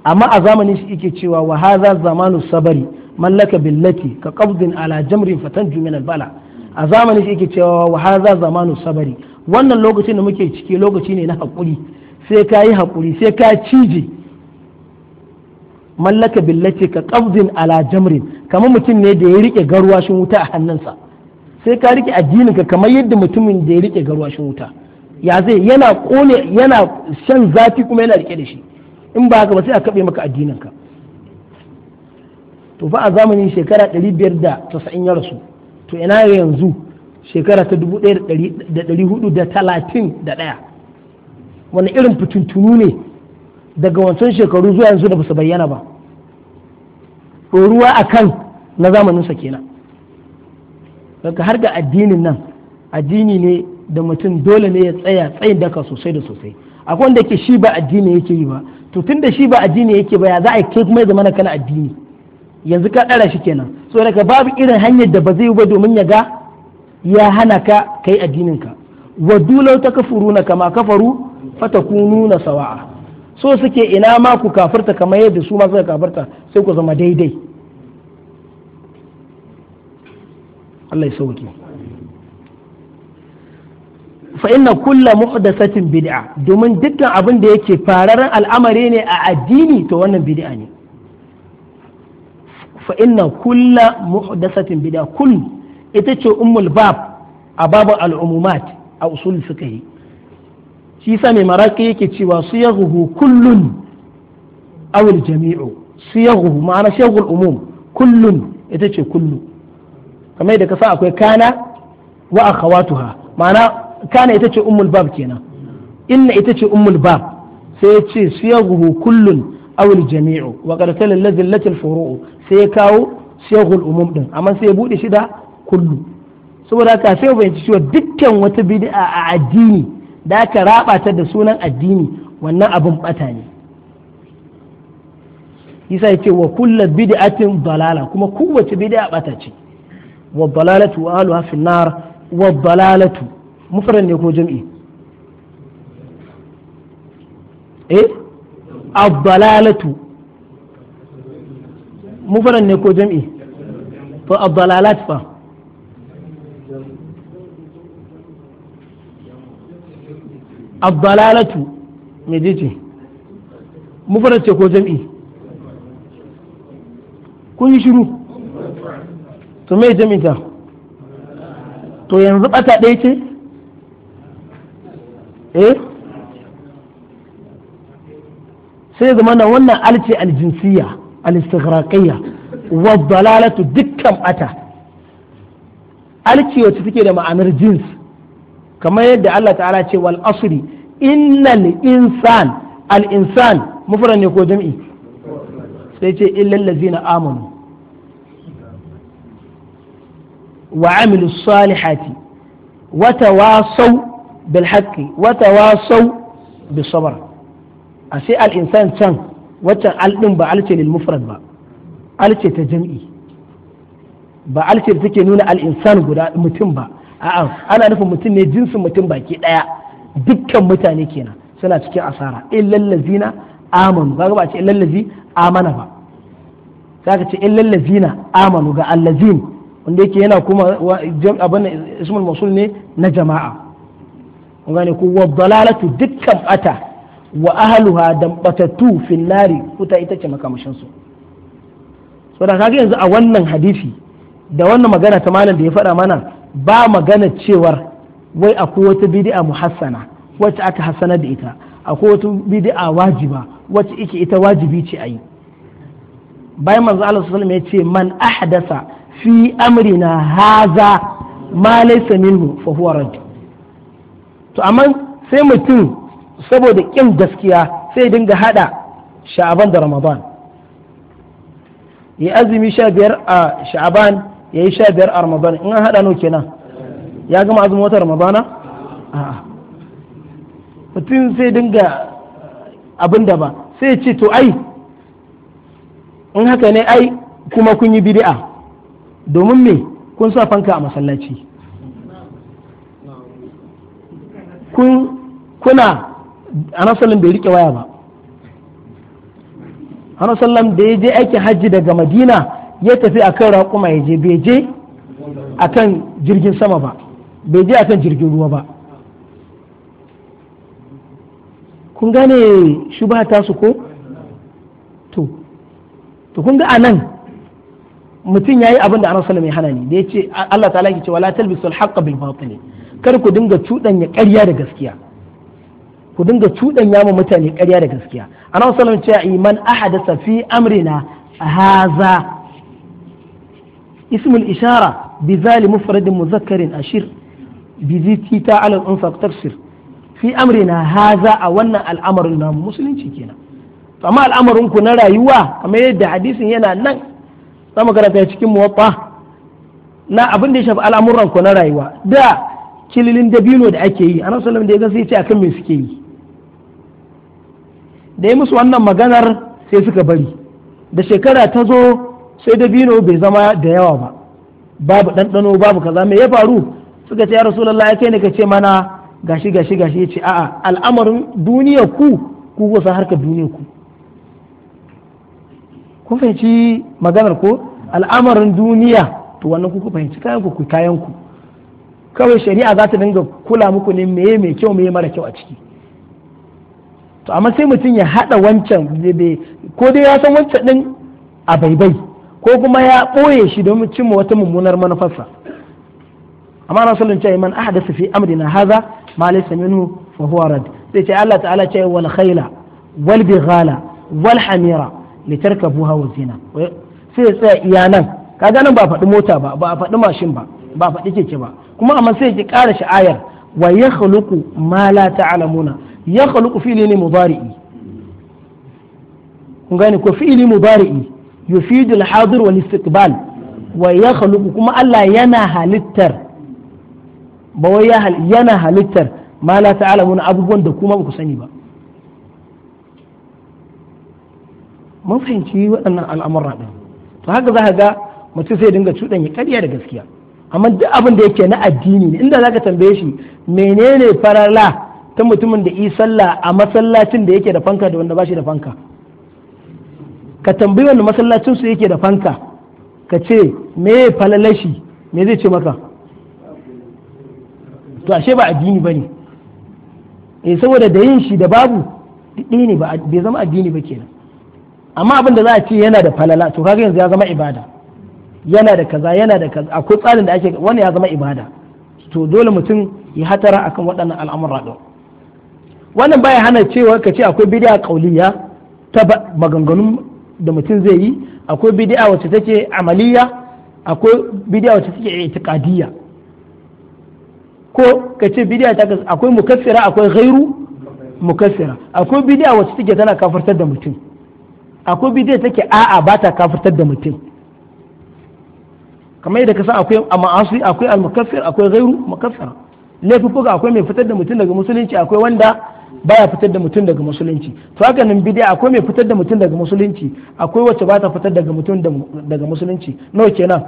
amma a zamanin shi yake cewa wa hadha zamanu sabari mallaka billati ka qabdin ala jamrin fatanju min albala a zamanin shi yake cewa wa hadha zamanu sabari wannan lokacin da muke ciki lokaci ne na hakuri sai ka yi hakuri sai ka cije mallaka billati ka qabdin ala jamrin kamar mutum ne da ya rike garwashin wuta a hannunsa sai ka rike addininka kamar yadda mutumin da ya rike garwashin wuta ya zai yana kone yana shan zafi kuma yana rike da shi in ba haka ba sai a kaɓe maka addininka ka to fa a zamanin shekara 590 ya rasu to ina yanzu shekara ta 1431 wani irin fitintunu ne daga wancan shekaru zuwa yanzu da ba su bayyana ba ruwa a kan na zamaninsa kenan har ga addinin nan addini ne da mutum dole ne ya tsaya tsayin daka sosai da sosai akwai wanda yake shi ba addini yake yi ba to tun da shi ba addini yake ba ya za a kai kuma ya zama kana addini yanzu ka ɗara shi kenan so daga babu irin hanyar da ba zai yi ba domin ya ga ya hana ka kai addinin ka wa dulau ta kafuru na kama kafaru fata kunu na sawa'a so suke ina ma ku kafarta kamar yadda su ma suka kafarta sai ku zama daidai Allah ya sauke. fa inna kulla muhdathatin bid'a domin dukkan abin da yake fararen al'amari ne a addini to wannan bid'a ne fa inna kulla muhdathatin bid'a kull ita ce ummul bab a babu al'umumat a usul fiqh shi sa mai maraki yake cewa su yahu kullun aw al jami'u su yahu ma'ana shagul umum kullun ita ce kullu kamar da kasa akwai kana wa akhawatuha ma'ana kana ita ce ummul bab kenan inna ita ce ummul sai ya ce siyaghu kullun aw al jami'u wa qad tala allazi lati furu'u sai ya kawo siyaghu umum din amma sai ya bude shi da kullu saboda haka sai ya cewa dukkan wata bidi'a a addini da aka raɓata da sunan addini wannan abin bata ne yasa yace wa kulla bid'atin balala, kuma kowace bidi'a bata ce wa dalalatu wa ahluha fi nar wa dalalatu mufrad ne ko jam'i eh abdalalatu mufrad ne ko jam'i to abdalalat fa abdalalatu me ce mufrad ce ko jam'i kun yi shiru to me jam'i ta to yanzu bata ɗaya ce eh sai zama na wannan alce aljinsiya alistighraqiya wa dalalatu dukkan ata alce wacce take da ma'anar jins kamar yadda Allah ta'ala ce wal asri innal insan al insan mufrad ne ko jam'i sai ce illal ladzina amanu wa amilu salihati wata wasau. bil haqqi wa tawasaw bis sabr can waccan al din ba alce lil mufrad ba alce ta jam'i ba alce da take nuna al guda mutum ba a'a ana nufin mutum ne jinsin mutum baki ɗaya dukkan mutane kenan suna cikin asara illal ladzina amanu kaga ba ce illal ladzi amana ba zaka ce illal ladzina amanu ga allazin wanda yake yana kuma abin ismul mausul ne na jama'a gane ku wa dalalatu dukkan bata wa ahluha dan batatu fil nari wuta ita ce makamashin su So saboda kaga yanzu a wannan hadisi da wannan magana ta malam da ya faɗa mana ba magana cewar wai akwai wata bid'a muhassana wacce aka hassana da ita akwai wata bid'a wajiba wacce ike ita wajibi ce a yi bayan manzo Allah sallallahu alaihi wasallam ya ce man ahdasa fi amrina haza ma laysa minhu fa huwa rad to amma sai mutum saboda ƙin gaskiya sai dinga haɗa sha'aban da ramadan ya azumi sha biyar a sha'aban ya yi sha biyar a ramadan in an haɗa nau kenan ya gama azumi wata ramadana a'a mutum sai dinga abin da ba sai ce to ai in haka ne ai kuma kun yi bid'a domin me kun sa fanka a masallaci kun kuna ana da bai rike waya ba ana da ya je aikin hajji daga madina ya tafi akan raƙuma ya je bai je kan jirgin sama ba bai je kan jirgin ruwa ba kun gane ba ta su ko to to kun ga anan mutum ya yi abinda ana mai hana ne da ya ce Allah ta ya ce wala talbisul haqqa bil batil kar ku dinga cuɗanya ƙarya da gaskiya ku dinga cuɗanya ma mutane ƙarya da gaskiya ana sallam cewa iman ahadasa fi amrina haza ismul ishara bi zali mufradin muzakkarin ashir bi ziti ta alal unsa tafsir fi amrina haza a wannan al'amarin namu musulunci kenan to amma al'amarin ku na rayuwa kamar yadda hadisin yana nan zamu karanta cikin muwatta na abin da ya shafi al'amuran ku na rayuwa da kililin dabino da ake yi anan sallallahu da ya sai ce akan me suke yi da ya musu wannan maganar sai suka bari da shekara ta zo sai dabino bai zama da yawa ba babu ɗanɗano babu kaza me ya faru suka ce ya rasulullah ya kai ne ka ce mana gashi gashi gashi ya ce a'a al'amarin duniyar ku ku kusa harkar duniyar ku kun fahimci maganar ko al'amarin duniya to wannan ku fahimci kayan ku kayan ku kawai shari'a za ta dinga kula muku ne meye mai kyau meye mara kyau a ciki to amma sai mutum ya haɗa wancan ko dai ya san wancan ɗin a baibai ko kuma ya ɓoye shi domin cimma wata mummunar manufarsa amma na sallin cewa man su fi amrina haza ma laysa minhu fa huwa rad sai ce Allah ta'ala ce wal khayla wal bighala wal hamira litarkabuha wa zina sai ya tsaya iya nan kaga nan ba faɗi mota ba ba faɗi mashin ba ba a faɗi keke ba kuma amma sai ki ƙara sha'ayar wa ya khaluqu ma la ta'lamuna ya khaluqu fi'li ne mudari'i kun gane ko fi'li mudari'i yufidu al-hadir wal istiqbal wa ya khaluqu kuma Allah yana halittar ba wai yana halittar ma la ta'lamuna abubuwan da kuma ba ku sani ba mun fahimci waɗannan al'amura ɗin to haka za ka ga mutum sai dinga ya ƙarya da gaskiya amma duk abin da yake na addini ne inda zaka tambaye shi menene farala ta mutumin da yi sallah a masallacin da yake da fanka da wanda ba shi da fanka ka tambayi wanda masallacin su yake da fanka ka ce me falalashi me zai ce maka to ashe ba addini bane eh saboda da yin shi da babu ɗaya ne ba bai zama addini ba kenan amma abin da za a ce yana da falala to kaga yanzu ya zama ibada yana da kaza yana da kaza akwai tsarin da ake wani ya zama ibada to dole mutum ya hatara akan waɗannan al'amura ɗin wannan baya hana cewa ka ce akwai bid'a qauliya ta maganganun da mutum zai yi akwai bid'a wacce take amaliya akwai bid'a wacce take itiqadiyya ko ka ce bid'a ta akwai mukaffira akwai ghairu mukaffira akwai bid'a wacce take tana kafirtar da mutum akwai bid'a take a'a ba ta kafirtar da mutum kamar yadda ka san akwai ma'asi akwai al akwai akwai ghairu mukaffir laifuka akwai mai fitar da mutum daga musulunci akwai wanda baya fitar da mutum daga musulunci to haka nan bid'a akwai mai fitar da mutum daga musulunci akwai wacce ba ta fitar daga mutum daga musulunci nawa kenan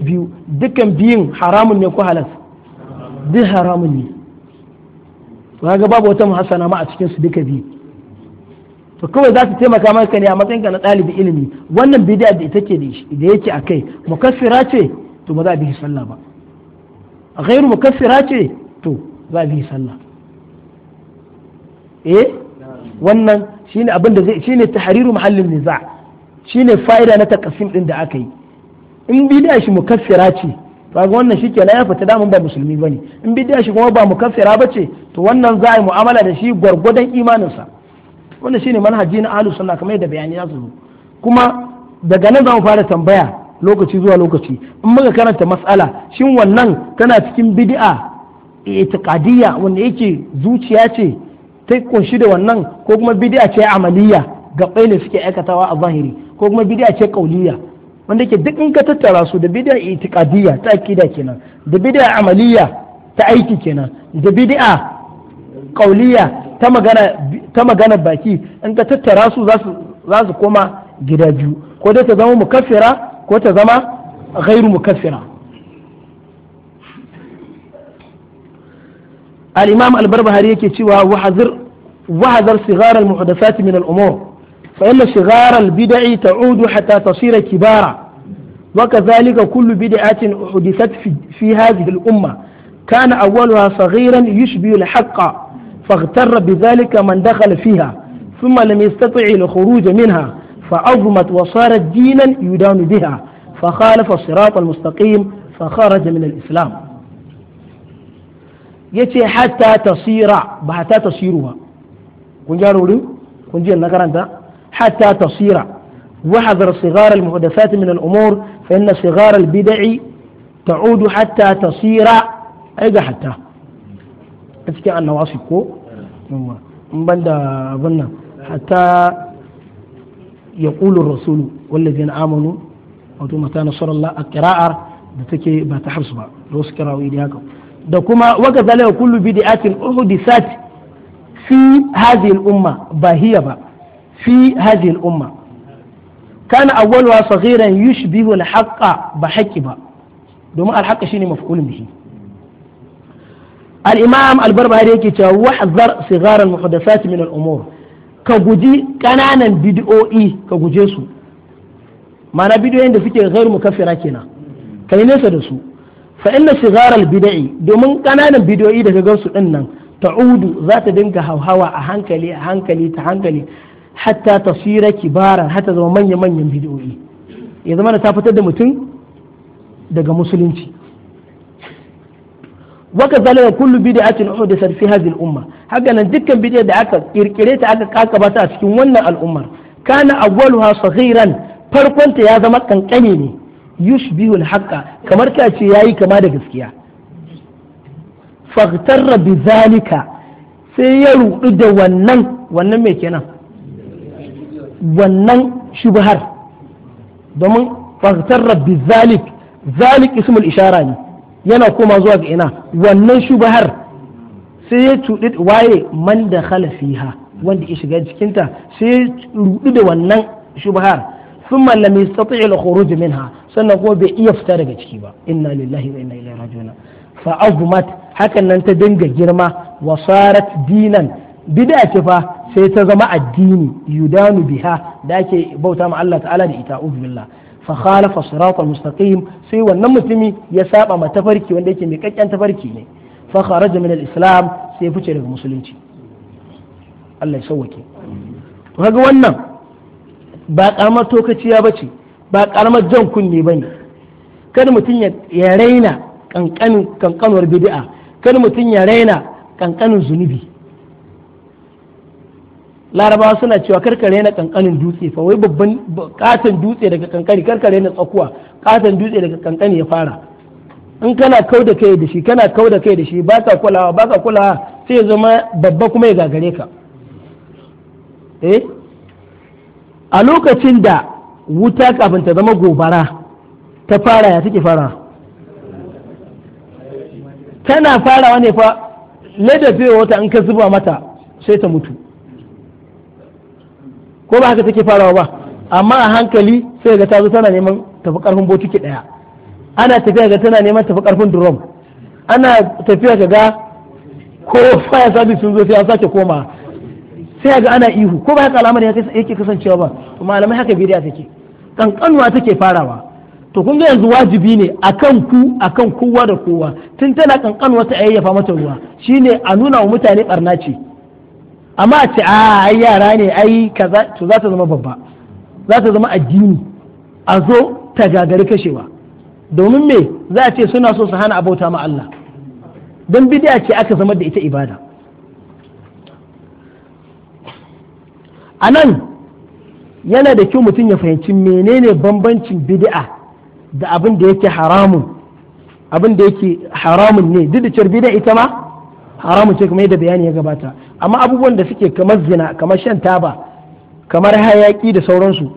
biyu dukkan biyun haramun ne ko halal duk haramun ne to kaga babu wata muhassana ma a cikin su duka biyu to kawai za su taimaka maka ne a matsayinka na ɗalibi ilimi wannan bidiya da ita ke da yake a kai mukaffira ce to ba za a bi sallah ba A gairu mukaffira ce to za a bi sallah eh wannan shine abin da zai shine tahriru muhallin niza shine fa'ida na takasim din da aka yi in bidiya shi mukaffira ce to ga wannan shi kenan ya fita damun ba musulmi bane in bidiya shi kuma ba mukaffira bace to wannan za a yi mu'amala da shi gwargwadon imaninsa sa wannan shine manhaji na ahlus sunna kamar yadda bayani ya zo kuma daga nan za mu fara tambaya lokaci zuwa lokaci in muka karanta mas'ala shin wannan tana cikin bid'a itiqadiyya wanda yake zuciya ce ta kunshi da wannan ko kuma bid'a ce amaliya ga ne suke aikatawa a zahiri ko kuma bid'a ce kauliya wanda ke duk in ka tattara su da bid'a itiqadiyya ta akida kenan da bid'a amaliya ta aiki kenan da bid'a kauliya ta magana ta magana baki in ka tattara su za su koma gida biyu ko dai ta zama mukaffira ko ta zama ghairu mukaffira al-imam al-barbahari yake cewa wahazir wahazar sigar al-muhdathati min al-umur fa inna sigar al-bid'i ta'ud hatta tasira kibara وكذلك كل بدعة أحدثت في, في هذه الأمة كان أولها صغيرا يشبه الحق فاغتر بذلك من دخل فيها ثم لم يستطع الخروج منها فعظمت وصارت دينا يدان بها فخالف الصراط المستقيم فخرج من الإسلام يتي حتى تصير حتى تصيرها كن جارولي كن جير حتى تصير وحذر صغار المحدثات من الأمور فإن صغار البدع تعود حتى تصير أي حتى a cikin annawasi ko in ban da abin nan hatta ya ƙulu rasulu wallazi na amanu wato mata nasarallah a kira'ar da take ba ta harsu ba da wasu kira'o'i da haka da kuma waka zalaya kullu bid'atin uhdisat fi hadhihi umma ba hiya ba fi hadhihi umma kana awwalha saghiran yushbihu al-haqqa ba haqqi ba domin al-haqqa shine maf'ul bihi alimam albarba al yake cewa wahzar sigar al-muhdathat min al-umur ka guji kananan bidiyo'i ka guje su mana bidiyoyin da suke ghairu mukaffira kenan kai nesa da su fa ina sigar al domin kananan bidiyo'i da ka din nan ta'udu za ta dinga hauhawa a hankali a hankali ta hankali hatta tasira kibara hatta zama manya manyan bidiyo'i ya zama da ta fitar da mutum daga musulunci waka zalika kullu bid'atin uhdisat fi hadhihi al-umma haka nan dukkan bid'a da aka kirkire ta aka kakaba a cikin wannan al'ummar kana awwaluha saghiran farkon ta ya zama kankane ne yushbihu al-haqqa kamar ta ce yayi kama da gaskiya faghtarra bi sai ya rudu da wannan wannan me kenan wannan domin faghtarra bi zalik zalik ismul ishara ne yana koma zuwa ga ina wannan shubahar sai ya cuɗi waye man da fiha wanda ya shiga cikinta sai ya rudu da wannan shubahar ثم لم يستطع الخروج منها سنقول بإيه فترق تشكيبا إنا لله وإنا إليه راجعون فأظمت haka nan ta dinga girma wa sarat dinan bid'a ce fa sai ta zama addini yudanu biha da ake bauta ma Allah ta'ala da ita billah fa khalafa المستقيم سي sai wannan mutumi ya saba ma tafarki wanda yake mai kakkan tafarki ne fa kharaja min al-islam sai fice daga musulunci Allah ya sauke to kaga wannan ba karamar tokaciya bace ba karamar jan kunne bane kada mutum ya raina kankanuwar bid'a kada mutum ya raina kankanin zunubi larabawa suna cewa karkare na kankanin dutse fa wai babban katon dutse daga kankani karkare na tsakuwa katon dutse daga kankani ya fara in kana kau da kai da shi kana kau da kai da shi baka kulawa baka kulawa sai zama babba kuma ya gagare ka eh a lokacin da wuta kafin ta zama gobara ta fara ya take fara tana farawa ne fa ladafewa wata in ka zuba mata sai ta mutu ko ba haka take farawa ba amma a hankali sai ga ta tana neman tafi karfin bokiti daya ana tafiya ga tana neman tafi karfin drum ana tafiya ga ga ko fire service sun zo sai an sake koma sai ga ana ihu ko ba haka al'amari yake kasancewa ba to malamai haka bidiya take kankanwa take farawa to kun ga yanzu wajibi ne akan ku akan kowa da kowa tun tana kankanwa ta ayyafa mata ruwa shine a nuna wa mutane barna ce amma a ce a ah, ai yara ne ai kaza to za ta zama babba za ta zama addini a zo ta gagari kashewa domin me za a ce suna so su hana abauta ma Allah don bid'a ce aka zama da ita ibada a nan yana da kyau mutum ya fahimci menene bambancin bid'a da abin da yake haramun abin da yake haramun ne duk da bid'a ita ma haramun ce kuma yadda bayani ya gabata amma abubuwan da suke kamar zina kamar shan taba kamar hayaki da sauransu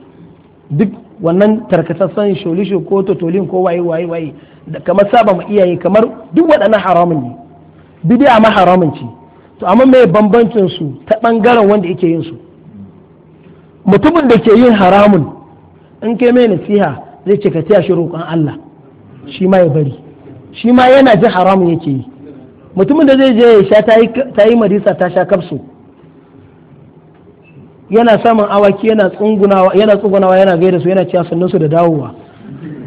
duk wannan tarkatassan sholisho ko totolin ko waye waye waye da kamar saba mu iyaye kamar duk waɗannan haramun ne bid'a ma haramun ce to amma me bambancin su ta bangaren wanda yake yin su mutumin da ke yin haramun in kai mai nasiha zai ce ka tiya shi roƙon Allah shi ma ya bari shi ma yana jin haramun yake yi mutumin da zai je ya sha ta yi marisa ta sha kafsu yana samun awaki yana tsungunawa yana tsugunawa yana gaida su yana cewa sannan su da dawowa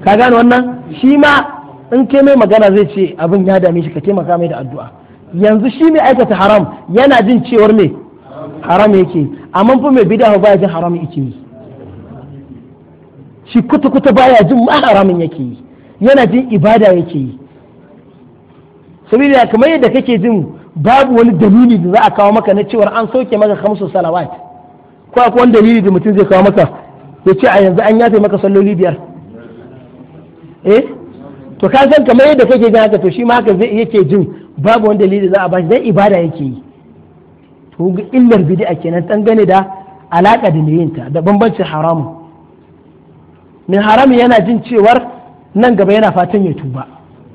ka gane wannan shi ma in kai mai magana zai ce abin ya dame shi ka taimaka mai da addu'a yanzu shi mai aikata haram yana jin cewar me haram yake amma fa mai bid'a baya jin haram yake yi shi kuta kuta baya jin ma haramin yake yi yana jin ibada yake yi saboda kamar yadda kake jin babu wani dalili da za a kawo maka na cewar an soke maka kamsu salawat ko akwai wani dalili da mutum zai kawo maka ya ce a yanzu an yafe maka salloli biyar eh to ka san kamar yadda kake jin haka to shi ma haka zai yake jin babu wani dalili da za a bashi dan ibada yake yi to ga illar bid'a kenan gane da alaka da yinta da bambancin haramun mai haramun yana jin cewar nan gaba yana fatan ya tuba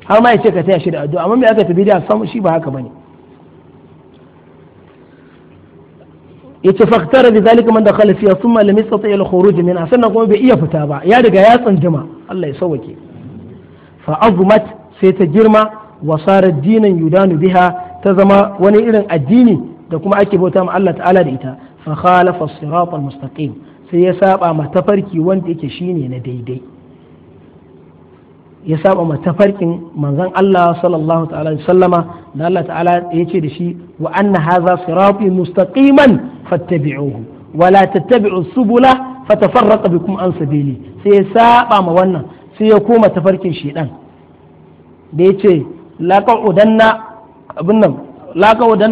har ma ya ce ka taya shi da addu'a amma me aka tafi da samu shi ba haka bane yace faktara da zalika man dakhala fiha thumma lam yastati al khuruj minha sannan kuma bai iya fita ba ya riga ya tsanjima Allah ya sauke fa azmat sai ta girma wa sara dinan yudanu biha ta zama wani irin addini da kuma ake bauta ma Allah ta'ala da ita fa khalafa as-sirata al-mustaqim sai ya saba ma tafarki wanda yake shine na daidai ya saba ma tafarkin manzon Allah sallallahu ta'ala sallama da Allah ta'ala ya ce da shi wa anna hadha sirati mustaqiman fattabi'uhu wa la tattabi'u subula fatafarraqa bikum an sabili sai ya saba ma wannan sai ya koma tafarkin shedan da ya ce la abin nan la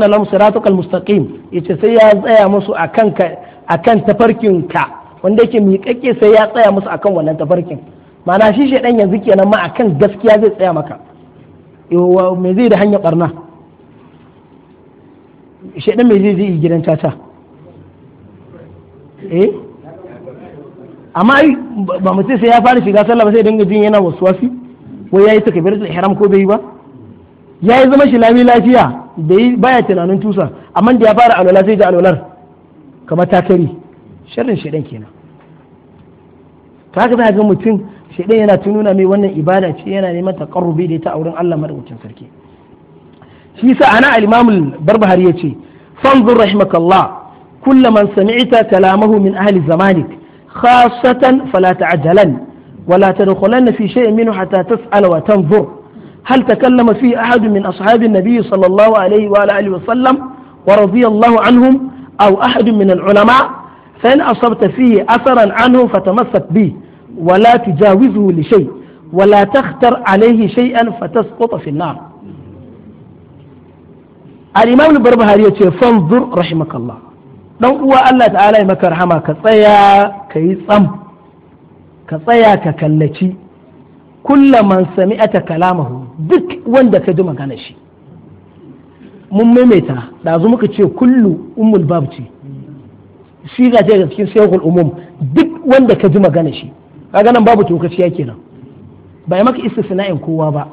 lam siratukal mustaqim yace sai ya tsaya musu akan ka akan tafarkin ka wanda yake miƙaƙƙe sai ya tsaya musu akan wannan tafarkin mana shi shaidan yanzu kenan ma akan gaskiya zai tsaya maka me zai da hanyar barna shaidan me zai yi gidan tata eh amma ba mutum sai ya fara shiga sallah ba sai dinga jin yana wasuwasi ko yayi da ihram ko bai ba yayi zama shi lami lafiya bai baya tunanin tusa amma da ya fara alwala sai ji alwalar kamar takari sharrin shaidan kenan kaga za ga mutum shi yana tununa mai wannan ibada ce yana neman taqarrubi da ita a wurin Allah madaukakin sarki shi sa ana alimamin imam ya ce yace fanzur rahimakallah kulla man sami'ta kalamahu min ahli zamanik khasatan fala ta'jalan ولا تدخلن في شيء hatta حتى تسأل وتنظر هل تكلم فيه أحد من أصحاب النبي صلى الله عليه وآله وسلم ورضي الله عنهم أو أحد من العلماء فإن أصبت فيه أثرا عنه فتمسك به ولا تجاوزه لشيء ولا تختر عليه شيئا فتسقط في النار الإمام البربهاري فانظر رحمك الله dan uwa Allah ta'ala ya maka rahama ka tsaya ka yi tsam ka tsaya ka kallaci kulla man sami'ata kalamahu duk wanda ka shi mun maimaita ɗazu muka ce kullu ummul bab ce shi ga ce cikin sayyidul umum duk wanda ka ji magana shi kaga nan babu tokaciya kenan bai maka istisna'in kowa ba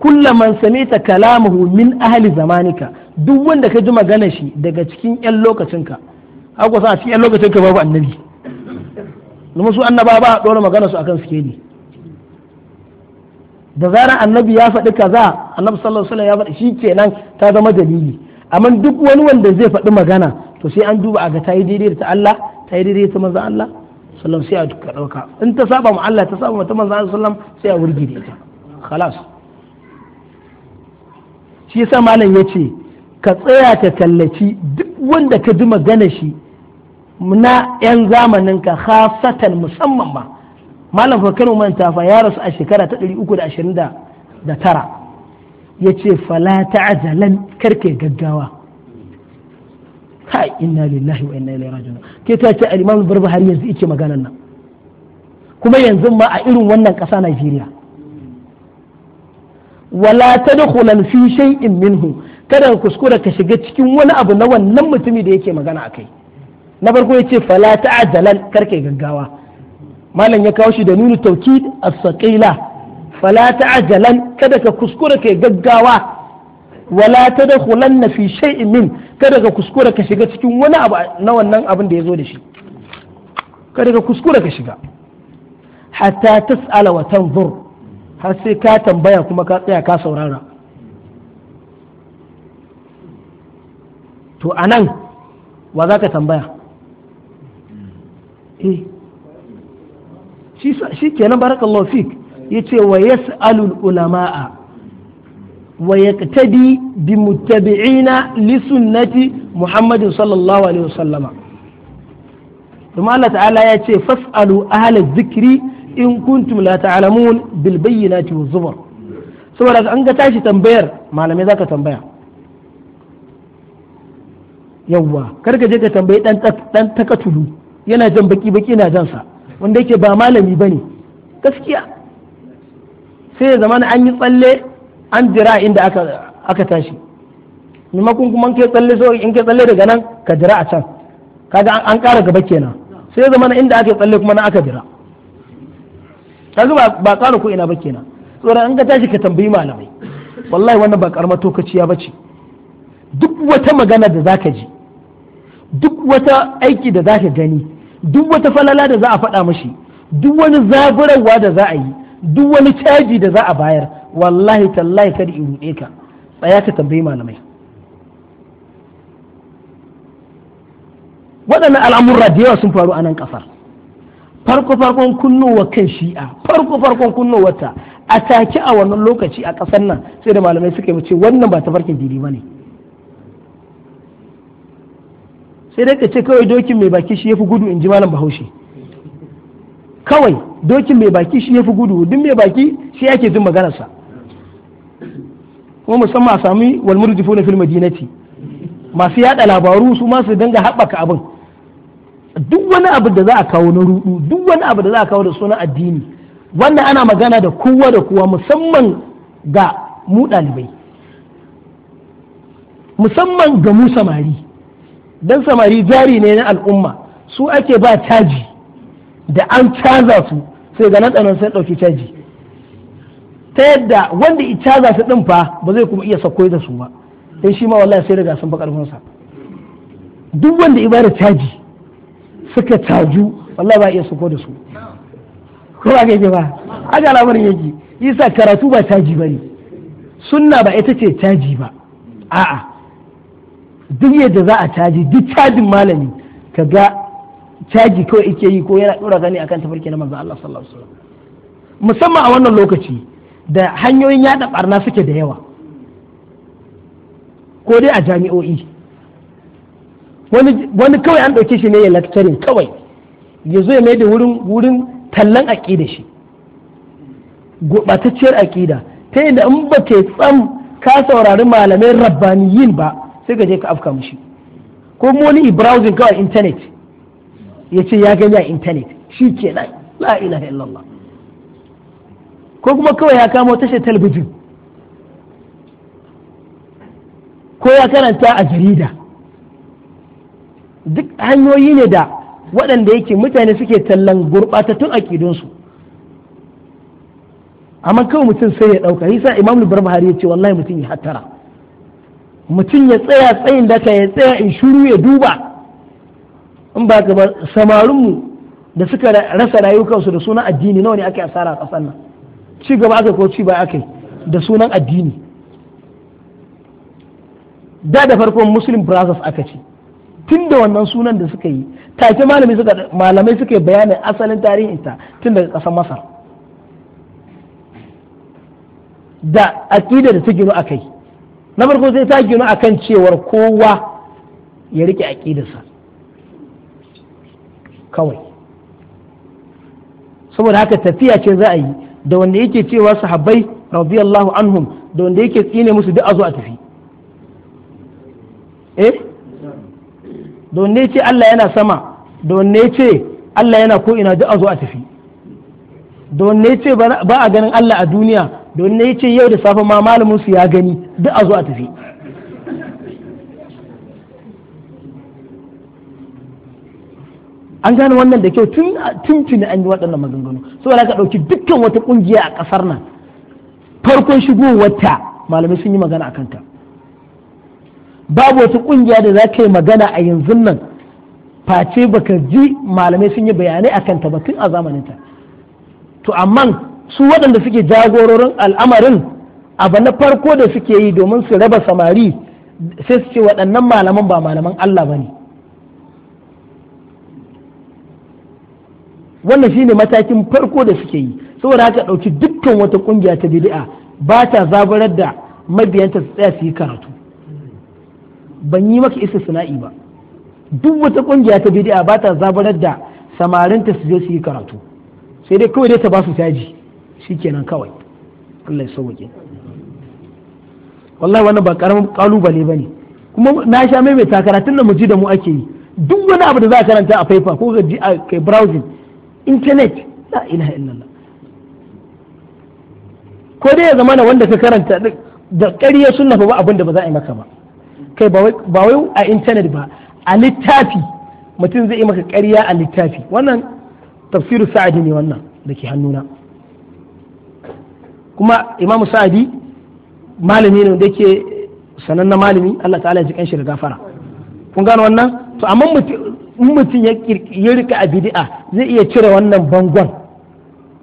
kullaman samita kalamuhu min ahli zamanika duk wanda ka ji magana shi daga cikin yan lokacinka haka sa a cikin yan lokacinka babu annabi domin su annaba ba a dora magana su akan ni. da zarar annabi ya faɗi kaza annabi sallallahu alaihi wasallam ya faɗi shi kenan ta zama dalili amma duk wani wanda zai faɗi magana to sai an duba a ga ta yi daidai da ta Allah ta yi daidai ta manzo Allah sallam sai a duka ɗauka in ta saba mu Allah ta saba ta manzo sallam sai a wurgi da ita khalas shi yasa malam yace ka tsaya ka kallaci duk wanda ka ji magana shi na yan zamanin ka khasatan musamman ba malam fakar manta fa ya rasu a shekara ta 329 yace fala ta'jalan karke gaggawa kai inna lillahi wa inna ilaihi raji'un ke ta ce al-imam har yanzu yake maganar nan kuma yanzu ma a irin wannan ƙasa Najeriya wala tadkhulan fi shay'in minhu kada ka kuskura ka shiga cikin wani abu na wannan mutumi da yake magana akai na farko yace fala ta'jalan karkai gaggawa malam ya kawo shi da nunu taukid as-saqila fala ta'jalan kada ka kuskura kai gaggawa wala tadkhulanna fi shay'in min kada ka kuskura ka shiga cikin wani abu na wannan abin da ya zo da shi kada ka kuskura ka shiga hatta tas'ala wa tanzur har sai ka tambaya kuma ka tsaya ka saurara to anan wa za ka tambaya eh shi kenan barakallahu fik yace wa yas'alul ulama'a ويقتدي بمتبعين لسنة محمد صلى الله عليه وسلم ثم الله تعالى يأتي فاسألوا أهل الذكر إن كنتم لا تعلمون بالبينات والزبر saboda an ga tashi tambayar malamai za ka tambaya yawwa karka je ka tambayi dan takatulu yana jan baki baki na jansa wanda yake ba malami ba ne gaskiya sai ya an yi tsalle an jira inda aka tashi maimakon kuma ke tsalle so in ke tsalle daga nan ka jira a can kaga an ƙara gaba kenan sai ya zama inda aka tsalle kuma na aka jira kaga ba ƙara ko ina ba kenan tsoron an ka tashi ka tambayi malamai wallahi wannan ba karamar tokaciya ba ce duk wata magana da zaka ji duk wata aiki da zaka gani duk wata falala da za a faɗa mashi duk wani zaburarwa da za a yi duk wani caji da za a bayar wallahi tallahi kada in ruɗe ka tsaya ka tambayi malamai waɗannan al'amurra da yawa sun faru a nan ƙasar farko farkon kunnowa kan shi'a farko farkon kunnowarta a take a wannan lokaci a ƙasar nan sai da malamai suka yi mace wannan ba tafarkin dili ba ne sai dai ka ce kawai dokin mai baki shi ya fi gudu in ji malam bahaushe kawai dokin mai baki shi ya fi gudu duk mai baki shi ke jin maganarsa kuma musamman a sami na filma madinati masu yada labaru su masu danga dinga haɓaka abin duk wani abu da za a kawo na rudu duk wani abu da za a kawo da suna addini wannan ana magana da kowa da kowa musamman ga mu ɗalibai musamman ga mu samari dan samari jari ne na al'umma su ake ba caji da an caza su sai ga nan sai ɗauki caji ta yadda wanda icaza su din fa ba zai kuma iya sako da su ba dan shi ma wallahi sai riga sun fa karfin sa duk wanda ibada caji suka caju wallahi ba iya sako da su ko ba kai ba haka lamarin yake isa karatu ba caji bane sunna ba ita ce caji ba a'a duk yadda za a caji duk cajin malami ga caji kawai ike yi ko yana dora gani akan tafarki na manzo Allah sallallahu alaihi wasallam musamman a wannan lokaci da hanyoyin yaɗa ɓarna suke da yawa ko dai a jami'o'i wani kawai an ɗauki shi ne ya lakcarin kawai ya zo ya mai da wurin tallan aƙida shi gurɓatacciyar aƙida ta yadda in ba ke tsam ka saurari malamai rabbaniyin ba sai ka je ka afka mushi ko wani ibrahim kawai intanet ya ce ya gani a intanet shi ke la ilaha illallah ko kuma kawai ya kamo tashar talabijin ko ya karanta a jarida duk hanyoyi ne da waɗanda yake mutane suke tallan gurɓatattun ƙidonsu amma kawai mutum sai ya ɗauka yi sa imam al-barbahari ya ce wallahi mutum ya hattara mutum ya tsaya tsayin data ya tsaya in shuru ya duba in ba ka ba samarinmu da suka rasa rayukansu da suna addini nawa ne ake asara a ƙasar nan ci gaba aka ko ci ba aka da sunan addini da da farko muslim brothers aka ce tun da wannan sunan da suka yi take malamai malamai suka bayani asalin tarihin ta tun daga ƙasar masar da aƙida da ta gino a kai na farko sai ta gino akan cewar kowa ya rike aƙidarsa kawai saboda haka tafiya ce za a yi da wanda yake cewa sahabbai radiyallahu anhum da wanda yake tsine musu duk azu a tafi eh da wanda yake Allah yana sama da wanda yake Allah yana ko ina duk azu a tafi da wanda yake ba a ganin Allah a duniya da wanda yake yau da safe ma malamin su ya gani duk azu a tafi an gane wannan da kyau tun tuni an yi waɗannan maganganu saboda ka ɗauki dukkan wata ƙungiya a ƙasar nan farkon shigo wata malamai sun yi magana a kanta babu wata ƙungiya da za ka yi magana a yanzu nan face baka ji malamai sun yi bayanai a kanta ba tun a zamaninta to amma su waɗanda suke jagororin al'amarin abu na farko da suke yi domin su raba samari sai su ce waɗannan malaman ba malaman Allah ba ne wannan shine matakin farko da suke yi saboda haka ɗauki dukkan wata ƙungiya ta bid'a ba ta zaburar da mabiyanta su tsaya su yi karatu ban yi maka isa sana'i ba duk wata ƙungiya ta bid'a ba ta zaburar da samarinta su je su yi karatu sai dai kawai dai ta ba su caji shikenan kawai Allah ya sauke wallahi wannan ba karamin kalubale bane kuma na sha mai mai takara tunda mu ji da mu ake yi duk wani abu da za a karanta a faifa ko ga ji a kai browsing intanet la ilaha illallah ko dai ya zama wanda ka karanta da ƙarya sunna ba abin ba za a yi maka ba kai ba wai a intanet ba a littafi mutum zai yi maka ƙarya a littafi wannan tafsiru sa'adi ne wannan da ke hannuna kuma imamu sa'adi malami ne da ke sanannen malami Allah ta'ala ya ji kanshi da gafara kun gano wannan to amma in mutum ya rika a bidi'a zai iya cire wannan bangon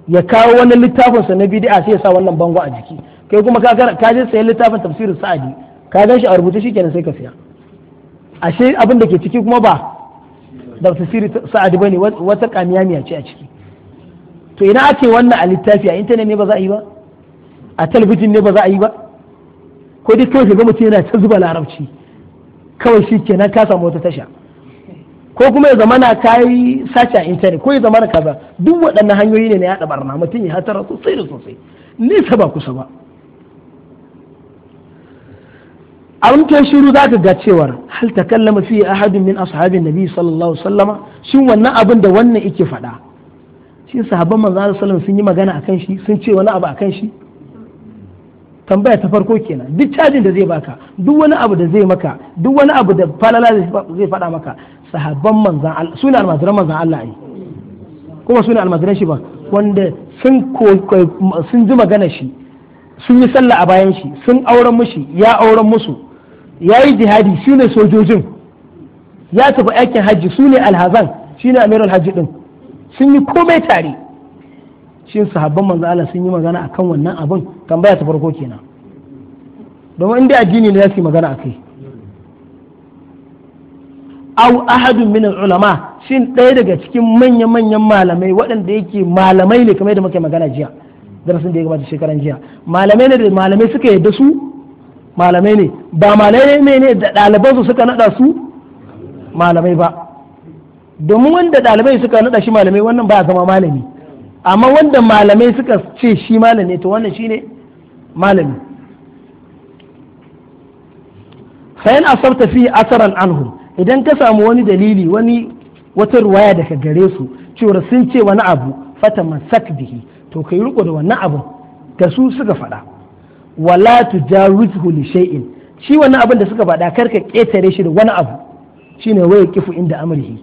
ya kawo wani littafinsa na Bidi'a sai ya sa wannan bangon a jiki kai kuma ka je sayan littafin tafsirin sa'adi ka gan shi a rubuce kenan sai ka siya ashe abin da ke ciki kuma ba da tafsirin sa'adi bane wata kamiyamiya ce a ciki to ina ake wannan a littafi a intanet ne ba za a yi ba a talabijin ne ba za a yi ba ko dai kawai ka ga mutum yana ta zuba larabci kawai shi kenan ka samu wata tasha ko kuma ya zamana na yi sace a intanet ko ya zamana kaza duk waɗannan hanyoyi ne na yaɗa barna mutum ya hatara sosai da sosai nisa ba kusa ba amke shiru za ka ga cewar hal takallama fi ahadin min ashabin nabi sallallahu alaihi wasallama shin wannan abin da wannan yake faɗa shin sahabban manzo sallallahu alaihi wasallam sun yi magana akan shi sun ce wani abu akan shi tambaya ta farko kenan duk cajin da zai baka duk wani abu da zai maka duk wani abu da falala zai faɗa maka sahabban manzan Allah sunan almajiran manzan Allah ai kuma sunan almajiran shi ba wanda sun sun ji magana shi sun yi sallah a bayan shi sun auren mushi ya auren musu ya yi jihadi sune ne sojojin ya tafi aikin hajji sune alhazan shi amirul hajji din sun yi komai tare shin sahabban manzo Allah sun yi magana akan wannan abun tambaya ta farko kenan domin inda addini ne yake magana akai au ahadun min ulama shin ɗaya daga cikin manya manyan malamai waɗanda yake malamai ne kamar da muke magana jiya darasin da ya gabata shekaran jiya malamai ne da malamai suka yadda su malamai ne ba malamai ne da su suka naɗa su malamai ba domin wanda ɗalibai suka naɗa shi malamai wannan ba zama malami amma wanda malamai suka ce shi malami ne to wannan shine malami fayan asabta fi asaran anhum idan ka samu wani dalili wani wata ruwaya daga gare su cewa sun ce wani abu fata masak bihi to kai riko da wannan abu da su suka faɗa wala tujawizhu li shay'in shi wannan abin da suka faɗa karka ketare shi da wani abu shine waya kifu inda amrihi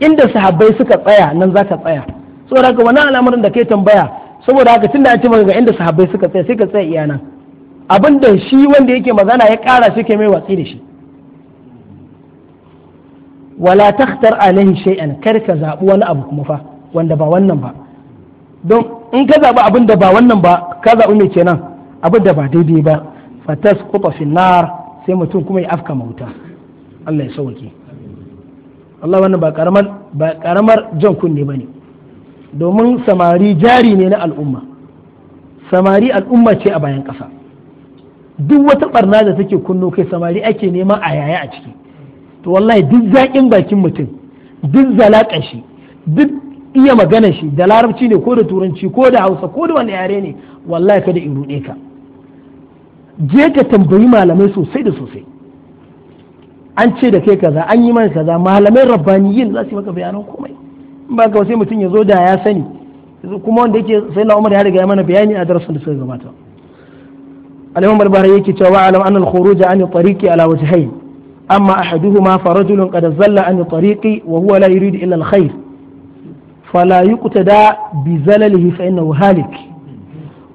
inda sahabbai suka tsaya nan zaka tsaya saboda haka wannan al'amarin da kai tambaya saboda haka tunda an ce maka ga inda sahabbai suka tsaya sai ka tsaya iya nan abin da shi wanda yake magana ya kara shi ke mai watsi da shi wala takhtar alaihi shay'an kar ka zabi wani abu kuma fa wanda ba wannan ba don in ka zabi abin da ba wannan ba ka zabi me kenan abin da ba daidai ba fatas kuta finnar sai mutum kuma ya afka mauta Allah ya sauke Allah wannan ba karamar ba karamar jan kunne bane domin samari jari ne na al'umma samari al'umma ce a bayan ƙasa duk wata barna da take kunno kai samari ake nema a yaya a ciki to wallahi duk zaƙin bakin mutum duk zalaƙan shi duk iya magana shi da larabci ne ko da turanci ko da hausa ko da wani yare ne wallahi kada in ruɗe ka je ka tambayi malamai sosai da sosai an ce da kai kaza an yi mana kaza malamai rabbaniyin za su yi maka bayanan komai ba ga sai mutum ya zo da ya sani kuma wanda yake sai na umar ya riga ya mana bayani a darasin da suka gabata al-imam al yake cewa alam an al-khuruj an tariqi ala wajhayn amma ahaduhuma fa rajulun qad zalla an tariqi wa huwa la yuridu illa al-khair فلا يقتدى بزلله فإنه هالك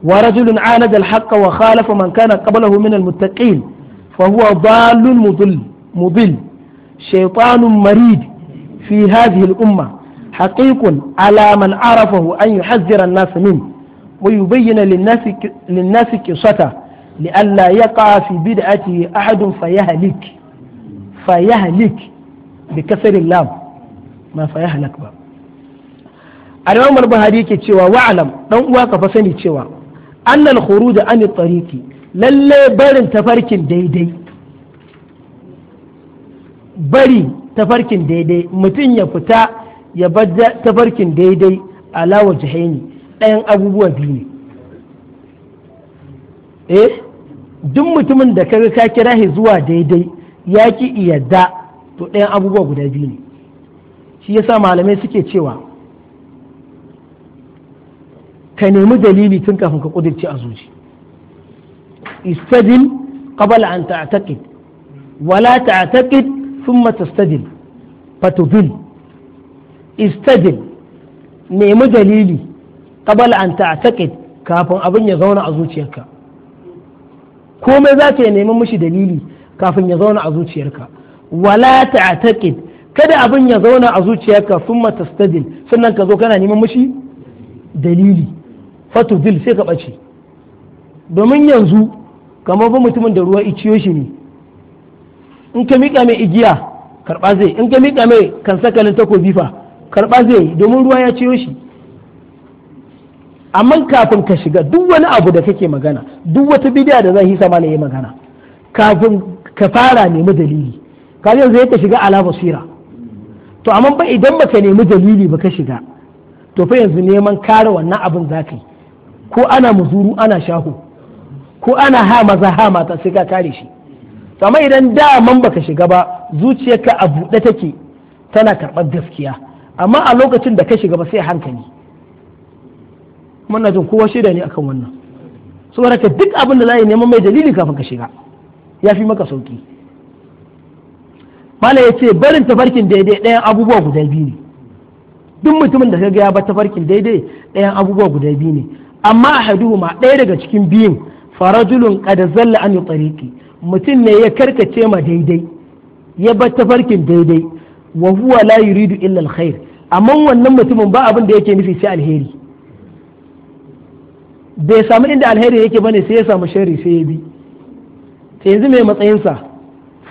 ورجل عاند الحق وخالف من كان قبله من المتقين فهو ضال مضل مضل شيطان مريد في هذه الأمة haqiqun alaman man arafahu an yuhazzira an-nas min wa yubayyana lin-nasi lin-nasi qisata li'alla yaqa fi bid'ati ahadun fayahlik fayahlik bi kasri lam ma fayahlak ba al-imam al-buhari yake cewa wa'lam dan uwa ka fa sani cewa annal khuruj an at-tariqi lalle barin tafarkin daidai bari tafarkin daidai mutum ya fita ya bar tafarkin daidai ala wajhaini ɗayan abubuwa biyu ne eh duk mutumin da kaga ka kira shi zuwa daidai ya ki iyadda to ɗayan abubuwa guda biyu ne shi yasa malamai suke cewa ka nemi dalili tun kafin ka kudirce a zuci istadil qabl an ta'taqid wala ta'taqid thumma tastadil fatubil istajib nemi dalili qabal an ta'taqid kafin abin ya zauna a zuciyarka komai za ka nemi mishi dalili kafin ya zauna a zuciyarka wala ta'taqid kada abin ya zauna a zuciyarka summa tastadil sannan ka zo kana neman mishi dalili fatudil sai ka bace domin yanzu kamar ba mutumin da ruwa iciyo shi ne in ka miƙa mai igiya karɓa zai in ka miƙa mai kan sakalin takobi fa karɓa zai yi domin ruwa ya ciyo shi amma kafin ka shiga duk wani abu da kake magana duk wata bidiya da zai hisa mana yi magana kafin ka fara nemi dalili ka yanzu ya ka shiga ala basira to amma ba idan baka nemi dalili ba ka shiga to fa yanzu neman kare wannan abin za ka yi ko ana muzuru ana shahu ko ana ha maza ha mata sai ka kare shi to amma idan daman baka shiga ba zuciyarka a buɗe take tana karɓar gaskiya amma a lokacin da ka shiga ba sai hankali muna jin kowa shaida ne akan wannan saboda ka duk abin da za yi neman mai dalili kafin ka shiga ya fi maka sauki mala ya ce barin tafarkin daidai ɗayan abubuwa guda biyu ne duk mutumin da ga ya bar tafarkin daidai ɗayan abubuwa guda biyu ne amma a ma ɗaya daga cikin biyun farajulun kada zalla an yi tsariki mutum ne ya karkace ma daidai ya bar tafarkin daidai wa huwa la yuridu illa alkhair amma wannan mutumin ba abin da yake nufi sai alheri bai samu inda alheri yake bane sai ya samu sharri sai ya bi ta yanzu mai matsayinsa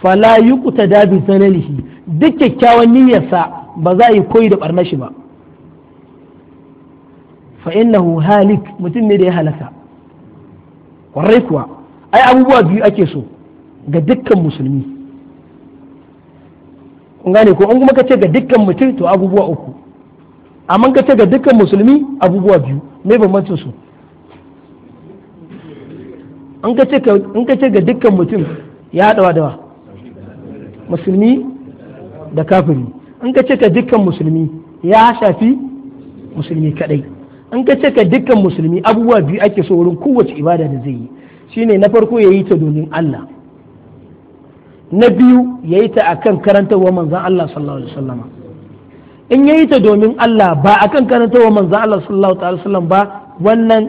fala yuqta da bi sanalihi duk kyakkyawan niyyarsa ba za a yi koyi da barnar shi ba fa innahu halik mutum ne da ya halaka kwarai kuwa ai abubuwa biyu ake so ga dukkan musulmi kun gane ko an kuma ka ce ga dukkan mutum to abubuwa uku amma ka ce ga dukkan musulmi abubuwa biyu me bambancin su an ka ce ga dukkan mutum ya dawa dawa musulmi da kafiri an ka ce ga dukkan musulmi ya shafi musulmi kadai an ka ce ga dukkan musulmi abubuwa biyu ake so wurin kowace ibada da zai yi shine na farko ya yi ta domin Allah na biyu ya yi ta a kan karantarwa manzan Allah sallallahu alaihi wasallam in ya yi ta domin Allah ba a kan karantarwa manzan Allah sallallahu alaihi wasallam ba wannan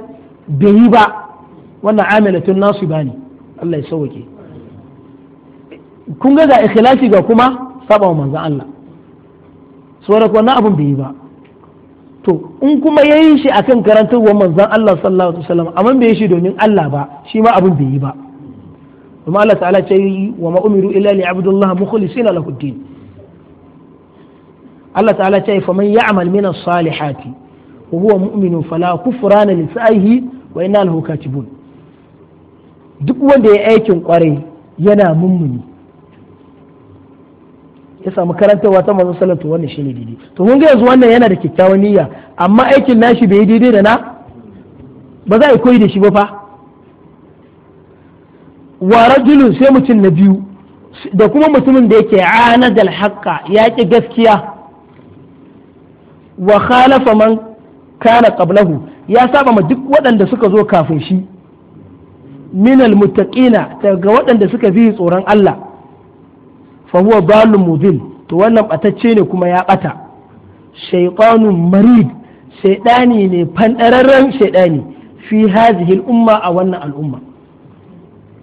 bai yi ba wannan amilatun nasu ba ne Allah ya sauke kun ga ga ikhlasi ga kuma saba wa manzan Allah saboda na abin bai yi ba to in kuma ya yi shi a akan karantarwa manzan Allah sallallahu alaihi wasallam amma bai yi shi domin Allah ba shi ma abin bai yi ba kuma Allah ta'ala ce wa ma umiru illa li abdullah mukhlisina lahu din Allah ta'ala ce fa man ya'mal min as-salihati wa huwa mu'minun fala kufrana li sa'ihi wa inna lahu katibun duk wanda ya yi aikin kwarai yana mummuni ya samu karantarwa ta manzon sallallahu alaihi wannan shine daidai to mun ga yanzu wannan yana da kyakkyawan niyya amma aikin nashi bai daidai da na ba za a koyi da shi ba fa wa rajulun sai mutum na biyu da kuma mutumin da yake anadal haqqa ya ki gaskiya wa khalafa man kana qablahu ya saba ma duk waɗanda suka zo kafin shi minal muttaqina daga waɗanda suka fi tsoron Allah fa huwa balun mudil to wannan batacce ne kuma ya bata shaytanun marid shaydani ne fandararren shaydani fi hadhihi al umma a wannan al'umma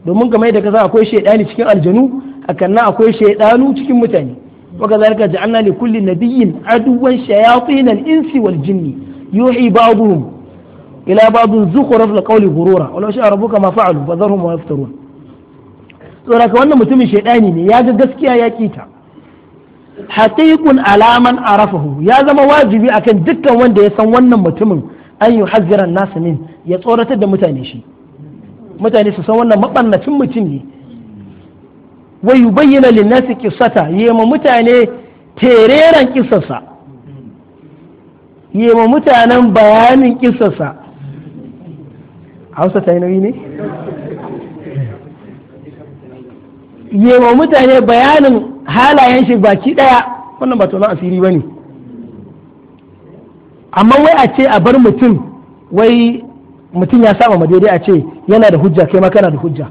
domin game da kaza akwai shaidani cikin aljanu akan na akwai shaidanu cikin mutane waka zalika ja'alna li kulli nabiyyin aduwan shayatin al-insi wal jinni yuhi ba'dhum ila ba'd zukhruf al-qawli ghurura walau sha'a rabbuka ma fa'alu fadharhum wa yaftarun to daga wannan mutumin shaidani ne ya ga gaskiya ya kita haqiqun alaman arafahu ya zama wajibi akan dukkan wanda ya san wannan mutumin an yuhazzira an-nas min ya tsoratar da mutane shi mutane su san wannan mabannacin mutum ne Wai yi yubayyana linnasi yi ma mutane tereren yi ma mutanen bayanin kissarsa Hausa ta nauyi ne ma mutane bayanin halayen shi baki ɗaya. wannan ba tonon asiri ba ne. amma wai a ce a bar mutum wai mutum ya saba ma daidai a ce yana da hujja kai ma kana da hujja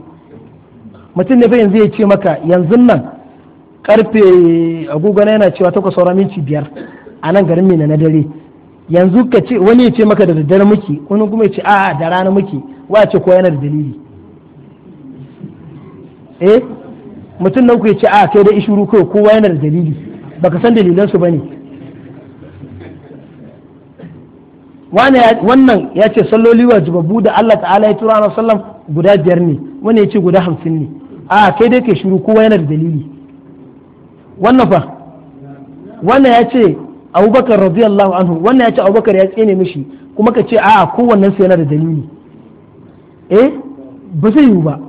mutum ne fa yanzu ce maka yanzu nan karfe agogo na yana cewa takwas sauran minci biyar a nan garin mina na dare yanzu ka ce wani ya ce maka da daddare muke wani kuma ya ce a'a da rana muke wa ce ko yana da dalili eh mutum nan ku ya ce a'a kai da ishuru kai kowa yana da dalili baka san dalilan su ne. wannan ya ce salloli wajibabu da Allah ta'ala ya tura na sallam guda biyar ne wani ya ce guda hamsin ne a kai dai ke shiru kowa yana da dalili wannan fa wannan ya ce abubakar radiyallahu anhu wannan ya ce abubakar ya tsene mishi kuma ka ce a kowannen su yana da dalili eh ba zai yiwu ba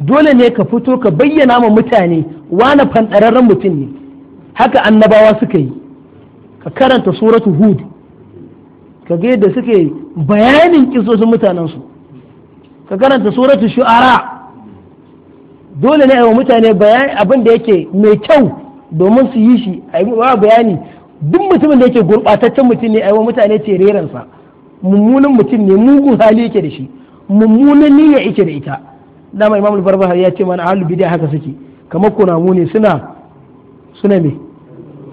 dole ne ka fito ka bayyana ma mutane wani fanɗararren mutum ne haka annabawa suka yi ka karanta suratu hud kaga yadda suke bayanin mutanen su ka karanta suratul shu'ara dole ne a mutane bayani abin da yake mai kyau domin su yi shi a yi bayani duk mutumin da yake gurɓataccen mutum ne a mutane sa mummunan mutum ne mugun hali yake da shi mummunan niyya yake da ita dama imamul barbahar ya ce mana ahlul bid'a haka suke kamar kunamu ne suna suna me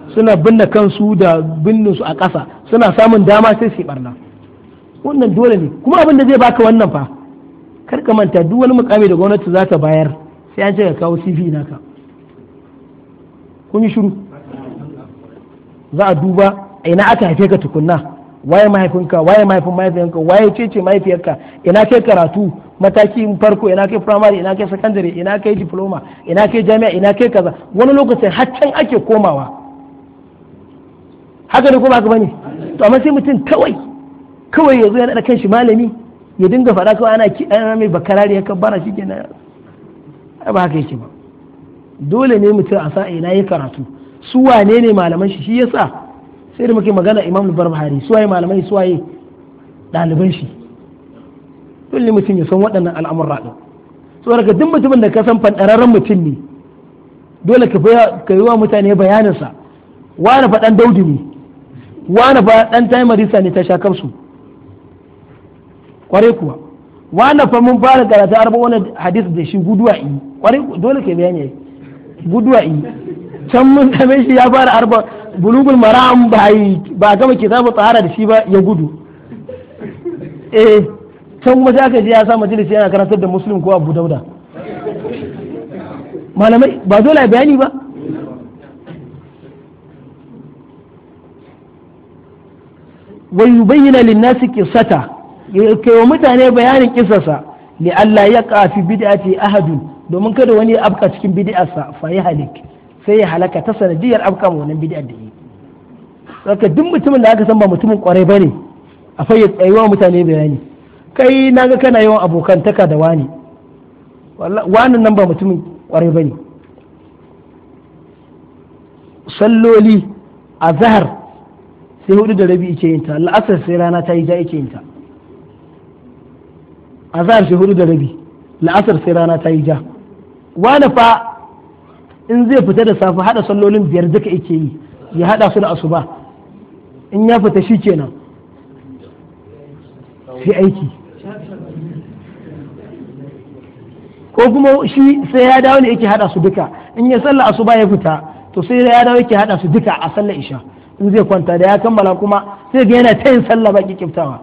suna binne kansu da binne su a ƙasa suna samun dama sai su barna wannan dole ne kuma abin da zai baka wannan fa kar ka manta duk wani mukami da gwamnati za ta bayar sai an ce ka kawo CV naka kun yi shiru za a duba ina aka haife ka tukunna waye mahaifinka waye mahaifin mahaifinka waye cece mahaifiyarka ina kai karatu mataki farko ina kai primary ina kai secondary ina kai diploma ina kai jami'a ina kai kaza wani lokacin har can ake komawa haka ne kuma ka bane to amma sai mutum kawai kawai ya zo ya kan kanshi malami ya dinga faɗa kawai ana ki ana mai bakarari ya bara shi kenan ba haka yake ba dole ne mutum a sa'a ina yi karatu su wane ne malaman shi shi yasa sai da muke magana imam al-barbahari su waye malamai su waye ɗaliban shi dole mutum ya san waɗannan al'amurra ɗin saboda duk mutumin da ka san fanɗararren mutum ne dole ka yi wa mutane bayaninsa wani faɗan daudu ne wani fa dan taimarisa ne ta sha kafsu kware kuwa wani fa mun fara karatu arba wani hadis da shi guduwa yi kwarai dole ke bayani guduwa yi can mun same shi ya fara arba bulugul maram ba ba gama zaba tsara da shi ba ya gudu eh can kuma sai aka je ya sa majalis yana karantar da muslim ko abu dauda malamai ba dole a bayani ba wa yubayyana lin-nasi qissata kai wa mutane bayanin kisarsa li Allah ya qafi bid'ati ahadun domin kada wani ya afka cikin bid'arsa fa ya halik sai ya halaka ta sanadiyar afka wannan bid'ar da yi saka duk mutumin da aka san ba mutumin kwarai bane a fayyace tsayuwa mutane bayani kai naga kana yawan abokan taka da wani wani nan ba mutumin kwarai bane salloli a zahar sai hudu da rabi ke yinta la'asar sai rana ta yi ja yake yinta a azhar sai hudu da rabi la'asar sai rana ta yi ja wani fa in zai fita da safe hada sallolin biyar duka yake yi ya hada su da asuba in ya fita shi kenan sai aiki ko kuma shi sai ya dawo ne yake hada su duka in ya sallah asuba ya fita to sai ya dawo yake hada su duka a sallar isha in zai kwanta da ya kammala kuma sai ga yana ta yin sallah baki kiftawa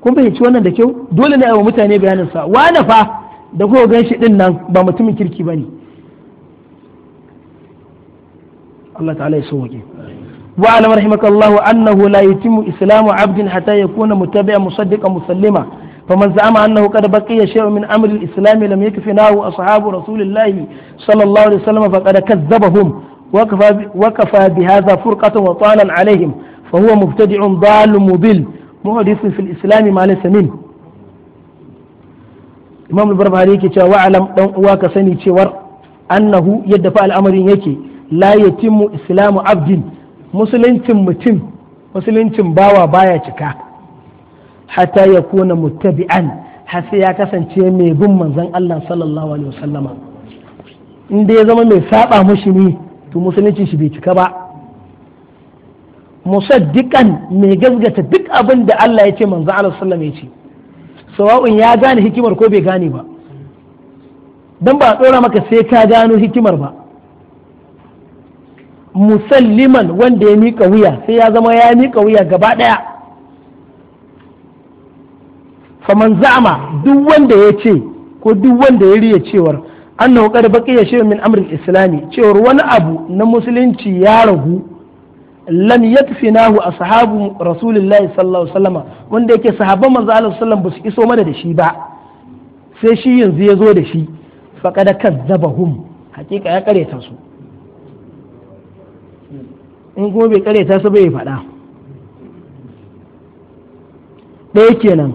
kun fahimci wannan da kyau dole a yi wa mutane bayanin sa wani fa da kuka gan shi din nan ba mutumin kirki ba ne Allah ta'ala ya sauke wa alam rahimakallahu annahu la yatimu islamu abdin hatta yakuna mutabi'an musaddiqan musallima فمن زعم أنه قد بقي شيء من أمر الإسلام لم يكفناه أصحاب رسول الله صلى الله عليه وسلم فقد كذبهم وكفى بهذا فرقة وطالا عليهم فهو مبتدع ضال مضل محدث في الإسلام ما ليس منه imam al-barbahari yake cewa wa'alam dan uwa ka sani cewar annahu yadda fa al'amarin yake la yatimmu islamu abdin musuluncin bawa baya cika Hata ya kona muttabi'an har sai ya kasance mai bin manzon Allah sallallahu alaihi in dai ya zama mai saɓa mushi ne to musulunci shi bai cika ba musaddiqan mai gazgata duk abin da Allah ya ce manzo Allah sallallahu ya ce sawa'un ya gane hikimar ko bai gane ba dan ba a dora maka sai ka gano hikimar ba musalliman wanda ya mika wuya sai ya zama ya mika wuya gaba daya man za'ama duk wanda ya ce ko duk wanda ya riya cewar annahu qad baqiya shay'un min amrin islami cewar wani abu na musulunci ya ragu lam yadfinahu ashabu rasulillahi sallallahu alaihi wasallam wanda yake sahabban manzo Allah sallallahu ba su iso mana da shi ba sai shi yanzu ya zo da shi faqad kazzabahum hakika ya kareta su in kuma bai kareta su bai faɗa ɗaya kenan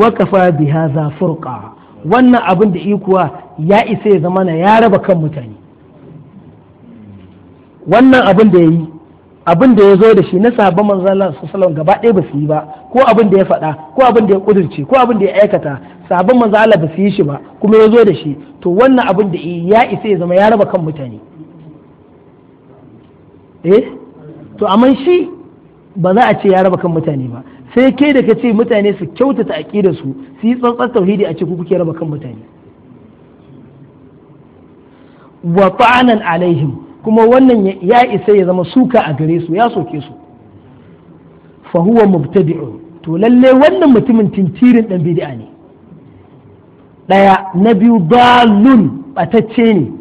wakafa biha za furqa wannan abin da ikuwa ya isa ya zama na ya raba kan mutane wannan abin da ya yi abin da ya zo da shi na sabon manzon Allah salon gaba ɗaya ba su yi ba ko abin da ya faɗa ko abin da ya ƙudurce ko abin da ya aikata sabon manzon Allah ba su yi shi ba kuma ya zo da shi to wannan abin da ya isa ya zama ya raba kan mutane eh to amma shi ba za a ce ya raba kan mutane ba sai ke da ka ce mutane su kyautata aqidar su su yi tsantsar tauhidi a ce ku kuke raba kan mutane wa ta'anan alaihim kuma wannan ya isa ya zama suka a gare su ya soke su fa huwa mubtadi'u to lalle wannan mutumin tintirin dan bid'a ne daya na biyu dalun batacce ne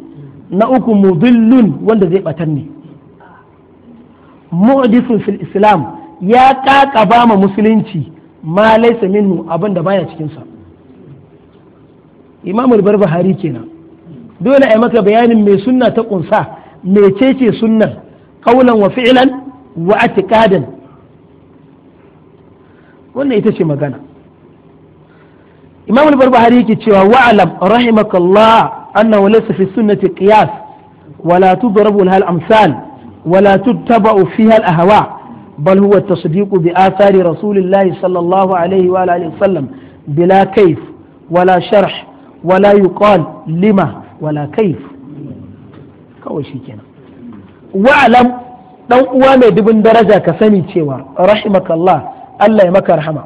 na uku mudillun wanda zai batar ne mu'dithun fil islam ya kakaba ma musulunci ma laysa minhu abin baya cikin sa imamul barbahari kenan dole a yi maka bayanin mai sunna ta kunsa mecece sunnan qaulan wa fi'lan wa atiqadan wannan ita ce magana imam al-barbahari yake cewa wa'lam rahimakallah annahu laysa fi sunnati qiyas ولا تضرب hal الأمثال wala تتبع فيها الأهواء بل هو التصديق بآثار رسول الله صلى الله عليه وآله وسلم بلا كيف ولا شرح ولا يقال لما wala kaif kawai shi kenan wa'alam uwa mai dubin daraja ka sani cewa rahimakallah Allah ya maka rahama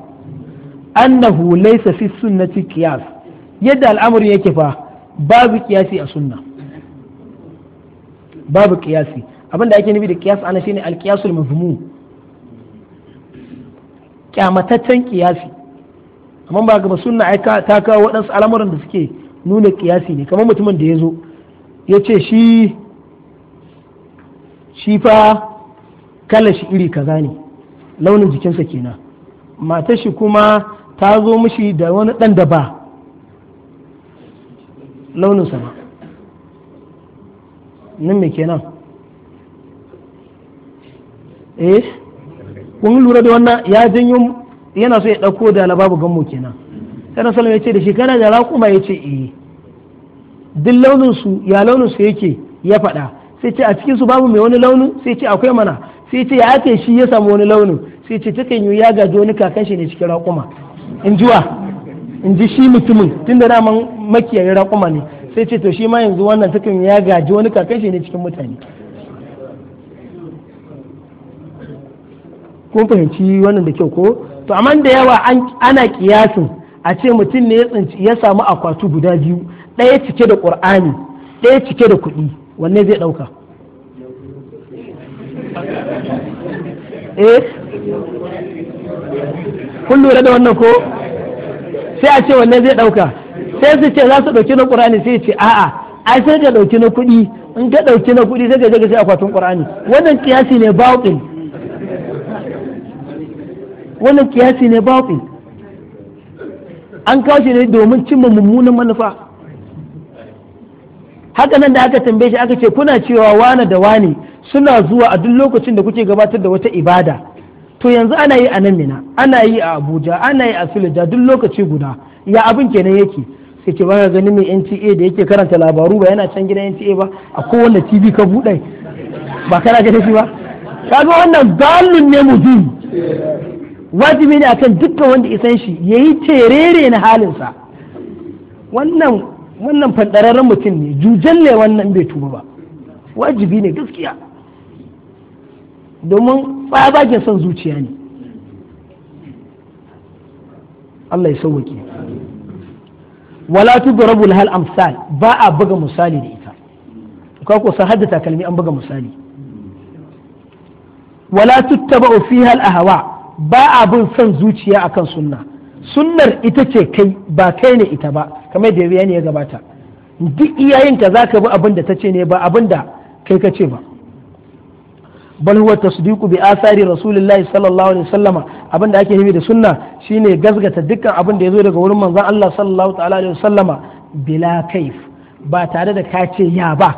annahu laysa fi sunnati qiyas yadda al'amari yake fa babu qiyasi a sunna babu ake nufi da qiyas ana shine al-qiyasul kyamataccen kiyasi amma ba ga sunna ai ta kawo waɗansu al'amuran da suke nuna kiyasi ne kamar mutumin da ya zo ya ce shi shi fa kala shi iri kaza ne launin jikinsa kenan matar shi kuma ta zo mishi da wani ɗan da ba launin sama nan me kenan eh kun lura da wannan ya janyo yana so ya ɗauko da babu gammo kenan sai sallam ya ce da shi kana da raƙuma ya ce eh duk launin su ya launin su yake ya faɗa sai ce a cikin su babu mai wani launin sai ce akwai mana sai ce ya ake shi ya samu wani launin sai ce takan yi ya gaji wani kakan shi ne cikin raƙuma in ji wa in ji shi mutumin tun da naman makiyayin raƙuma ne sai ce to shi ma yanzu wannan takan ya gaji wani kakan shi ne cikin mutane kun fahimci wannan da kyau ko to amma da yawa ana kiyasin a ce mutum ne ya samu akwatu guda biyu ɗaya cike da ƙur'ani ɗaya cike da kuɗi wanne zai ɗauka eh kun lura da wannan ko sai a ce wanne zai ɗauka sai su ce za su ɗauki na ƙur'ani sai ce a'a ai sai ka ɗauki na kuɗi in ka ɗauki na kuɗi sai ka zaga ka sai akwatin ƙur'ani wannan kiyasi ne bauɗin wannan kiyasi ne bauɗin an kawo shi ne domin cimma mummunan manufa haka nan da aka tambaye shi aka ce kuna cewa wane da wane suna zuwa a duk lokacin da kuke gabatar da wata ibada to yanzu ana yi a nan mina ana yi a abuja ana yi a suleja duk lokaci guda ya abin kenan yake sai ce ba ganin mai nta da yake karanta labaru ba yana can gidan nta ba a kowane tv ka buɗe ba kana ga shi ba ka ga wannan dalun ne mu wajibi ne akan dukkan wanda isan shi ya yi terere na halinsa wannan wannan fandararren mutum ne ne wannan bai tuba ba wajibi ne gaskiya domin tsabagen son zuciya ne Allah ya sauwake wala rabu hal amsal ba a buga misali da ita ka ko san haddata kalmi an buga misali wala tuttaba'u fiha al ahwa ba abin son zuciya akan sunna sunnar ita ce kai ba kai ne ita ba kamar da bayani ya gabata duk za ka bi abin da ta ce ne ba abin da kai ka ce ba bal huwa tasdiqu bi asari rasulillahi sallallahu alaihi wasallama abin da ake nufi da sunna shine gazgata dukkan abin da zo daga wurin manzon Allah sallallahu alaihi wasallama bila kaif ba tare da ka ce ya ba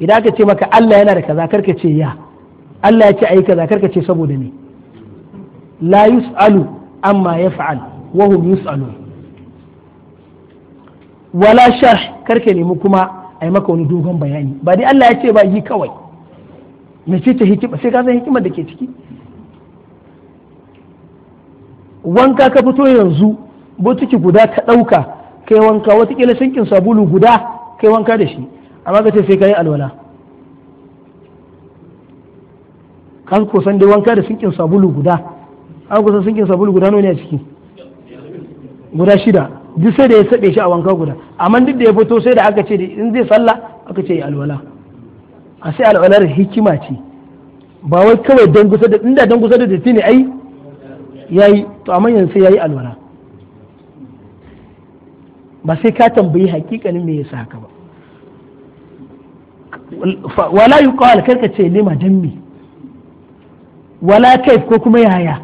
idan ka ce maka Allah yana da kaza karka ce ya Allah ya ce ayi kaza karka ce saboda me la yus'alu amma yaf'al wa hum yus'alu wala sharh karka nemi kuma ai maka wani dogon bayani ba dai Allah ya ce ba yi kawai me ta hikima sai ka san hikimar da ke ciki wanka ka fito yanzu botiki guda ka ɗauka kai wanka watakila sinkin sabulu guda kai wanka da shi amma ka ce sai ka yi alwala kan ko san dai wanka da sinkin sabulu guda an san sinkin sabulu guda ne a ciki guda shida duk sai da ya saɓe shi a wanka guda amma duk da ya fito sai da aka ce in zai sallah aka ce ya alwala a sai alwalar hikima ce ba wai kawai don kusa da inda don kusa da datti ne ai yayi to amma yanzu sai yayi alwala ba sai ka tambayi hakikanin me yasa haka ba wala yuqal karka ce lima dan wala kaif ko kuma yaya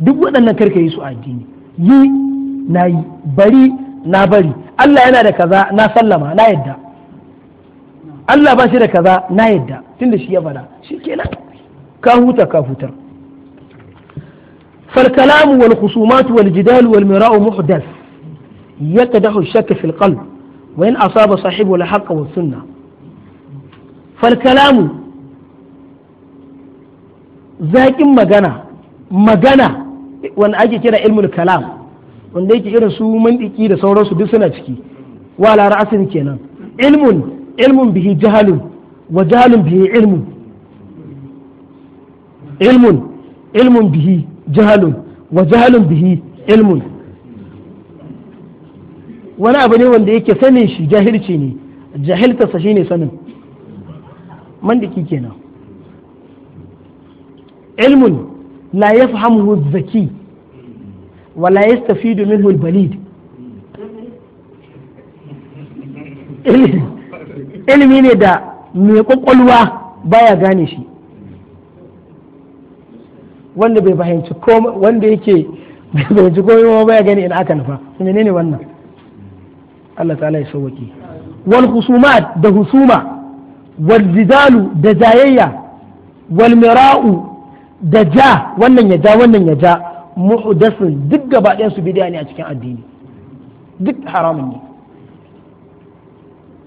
duk waɗannan karka yi su addini yi na yi bari na bari Allah yana da kaza na sallama na yadda Allah ba shi da kaza na yadda tunda shi ya faɗa shi kenan ka huta ka hutar فالكلام والخصومات والجدال والمراء محدث يقدح in في القلب وإن أصاب صاحبه الحق والسنة فالكلام zaƙin magana magana wanda ake kira ilmul kalam wanda yake irin su mandiki da sauransu duk suna ciki wala ra'asin kenan ilmun ilmun bihi jahalun wa jahalun bihi ilmun ilmun ilmun bihi jahalun wa jahalun bihi ilmun wani abu ne wanda yake sanin shi jahilci ne sa shine sanin mandiki kenan ilmun لا يفهمه zaki ولا يستفيد منه البليد balid ilimi ne da mai kwakwalwa baya gane shi wanda bai fahimci wanda yake bai fahimci komai ma baya gane in aka nufa su ne wannan Allah ta'ala ya sauwaki wal husumat da husuma wal zidalu da zayayya wal mira'u da ja wannan ya ja wannan ya ja muhdasin duk gaba ɗayan su bidiya ne a cikin addini duk haramun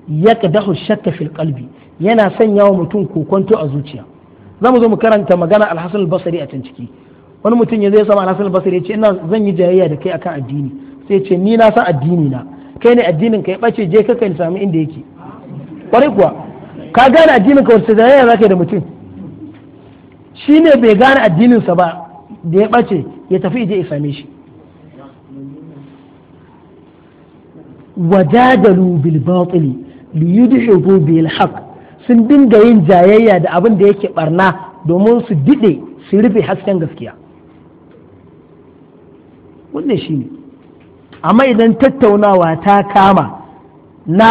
ne yakdahu shakka fil qalbi yana sanya wa mutum kokonto a zuciya za mu zo mu karanta magana alhassan basari a can ciki wani mutum ya zai sama alhassan albasari ya ce ina zan yi jayayya da kai akan addini sai ce ni na san addini na kai ne addinin ka ya bace je ka kai sami inda yake kwarai kuwa ka gane addinin ka wace jayayya za da mutum shi ne bai gane addininsa ba da ya ɓace ya tafi ije ya same shi wajadalu bil batili li yudhibu bil haqq sun dinga yin jayayya da abin da yake barna domin su dide su rufe hasken gaskiya wannan shi ne amma idan tattaunawa ta kama na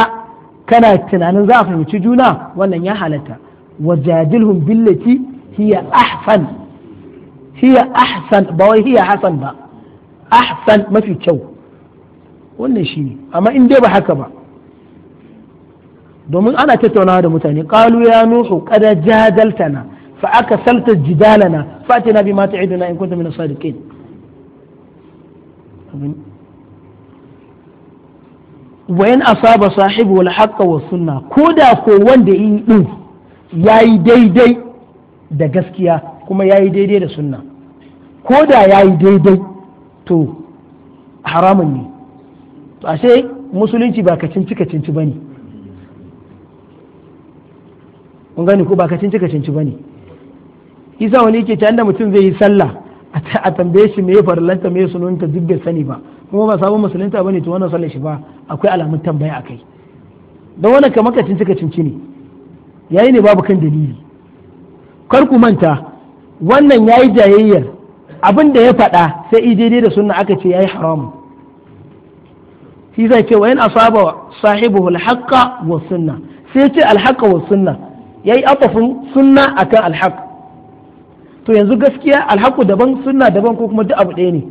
kana tunanin za a fahimci juna wannan ya halatta wajadilhum billati hiya ahsan hiya ahsan ba wai hiya hasan ba ahsan mafi kyau wannan shi ne amma in dai ba haka ba domin ana tattaunawa da mutane qalu ya nuhu qad jadaltana fa aka salta jidalana fatina bima ta'iduna in kunta min as-sadiqin wa in asaba sahibu al-haqqa was sunna koda ko wanda yi din yayi daidai da gaskiya kuma ya yi daidai da sunna ko da ya yi daidai to haramun ne to ashe musulunci ba ka cinci ka cinci ba ne kun gani ko ba ka cinci ka cinci ba ne isa wani yake ta da mutum zai yi sallah a tambaye shi me ya farlanta me sunanta duk bai sani ba kuma ba sabon musulunta ne to wannan sallar shi ba akwai alamun tambaya a kai don wannan kamar ka cinci ka cinci ne yayi ne babu kan dalili kar ku manta wannan yayi jayayyar abin da ya faɗa sai idaidai da sunna aka ce yayi haram shi zai ce wa in asaba sahibuhu alhaqa wa sunna sai ce alhaqa wa sunna yi afafin sunna akan alhaq to yanzu gaskiya alhaku daban sunna daban ko kuma duk abu ɗaya ne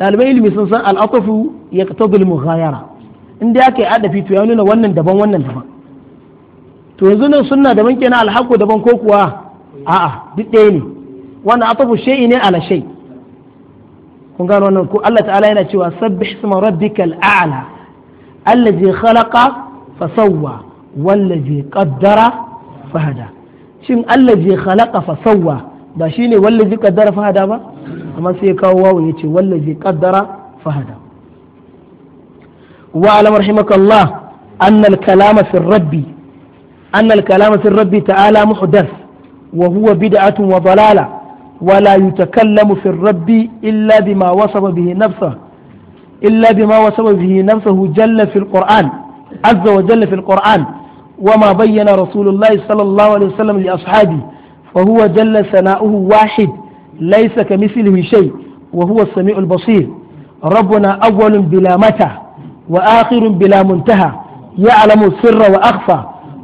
ɗalibai ilimi sun san al'atafu ya mu mughayara inda ya kai adafi to ya nuna wannan daban wannan daban to yanzu nan sunna daban kenan alhaku daban ko kuwa a'a duk ɗaya ne wannan atafu shay'i ne ala shay kun gano wannan ko Allah ta'ala yana cewa sabbih isma rabbikal a'la allazi khalaqa fasawwa wallazi qaddara fahada shin allazi khalaqa fasawwa ba shine wallazi qaddara fahada ba amma sai kawo wawu yace wallazi qaddara fahada wa alam rahimakallah anna al kalama fi rabbi أن الكلام في الرب تعالى محدث وهو بدعة وضلالة ولا يتكلم في الرب إلا بما وصف به نفسه إلا بما وصف به نفسه جل في القرآن عز وجل في القرآن وما بين رسول الله صلى الله عليه وسلم لأصحابه فهو جل ثناؤه واحد ليس كمثله شيء وهو السميع البصير ربنا أول بلا متى وآخر بلا منتهى يعلم السر وأخفى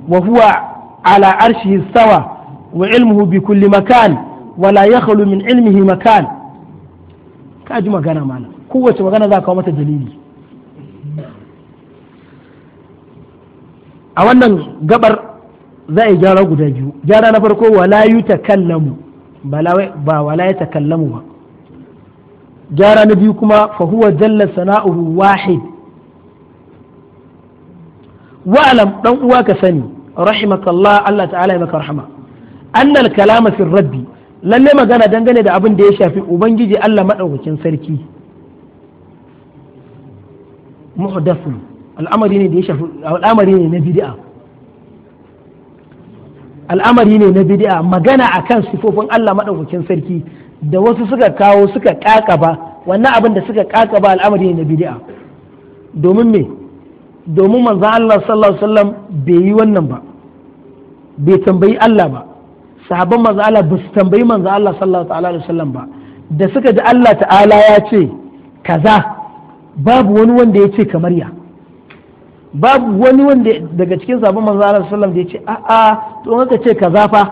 Wahuwa ala arshihi stawa wa ilmuhu bi kulli makan wa la yakhlu min ilmihi makan ka ji magana malam kowace magana za ka mata dalili a wannan gabar za a yi gyara guda biyu gyara na farko wala yu takallamu ba wala ba gyara na biyu kuma fa huwa jalla sana'uhu wa'alam ɗan uwa ka sani rahimakallah Allah ta'ala ya maka rahama annal kalama fi rabbi lalle magana dangane da abin da ya shafi ubangiji Allah madaukakin sarki muhdathu al'amari ne da ya shafi al'amari ne na bid'a al'amari ne na bid'a magana akan sifofin Allah madaukakin sarki da wasu suka kawo suka kakaba wannan abin da suka kakaba al'amari ne na bid'a domin me domin manzon Allah sallallahu alaihi wasallam bai yi wannan ba bai tambayi Allah ba sahabban manzo Allah ba su tambayi manzo Allah sallallahu alaihi wasallam ba da suka ji Allah ta'ala ya ce kaza babu wani wanda ya ce kamar ya babu wani wanda daga cikin sahabban manzo Allah sallallahu alaihi wasallam da ya ce a'a to in ka ce kaza fa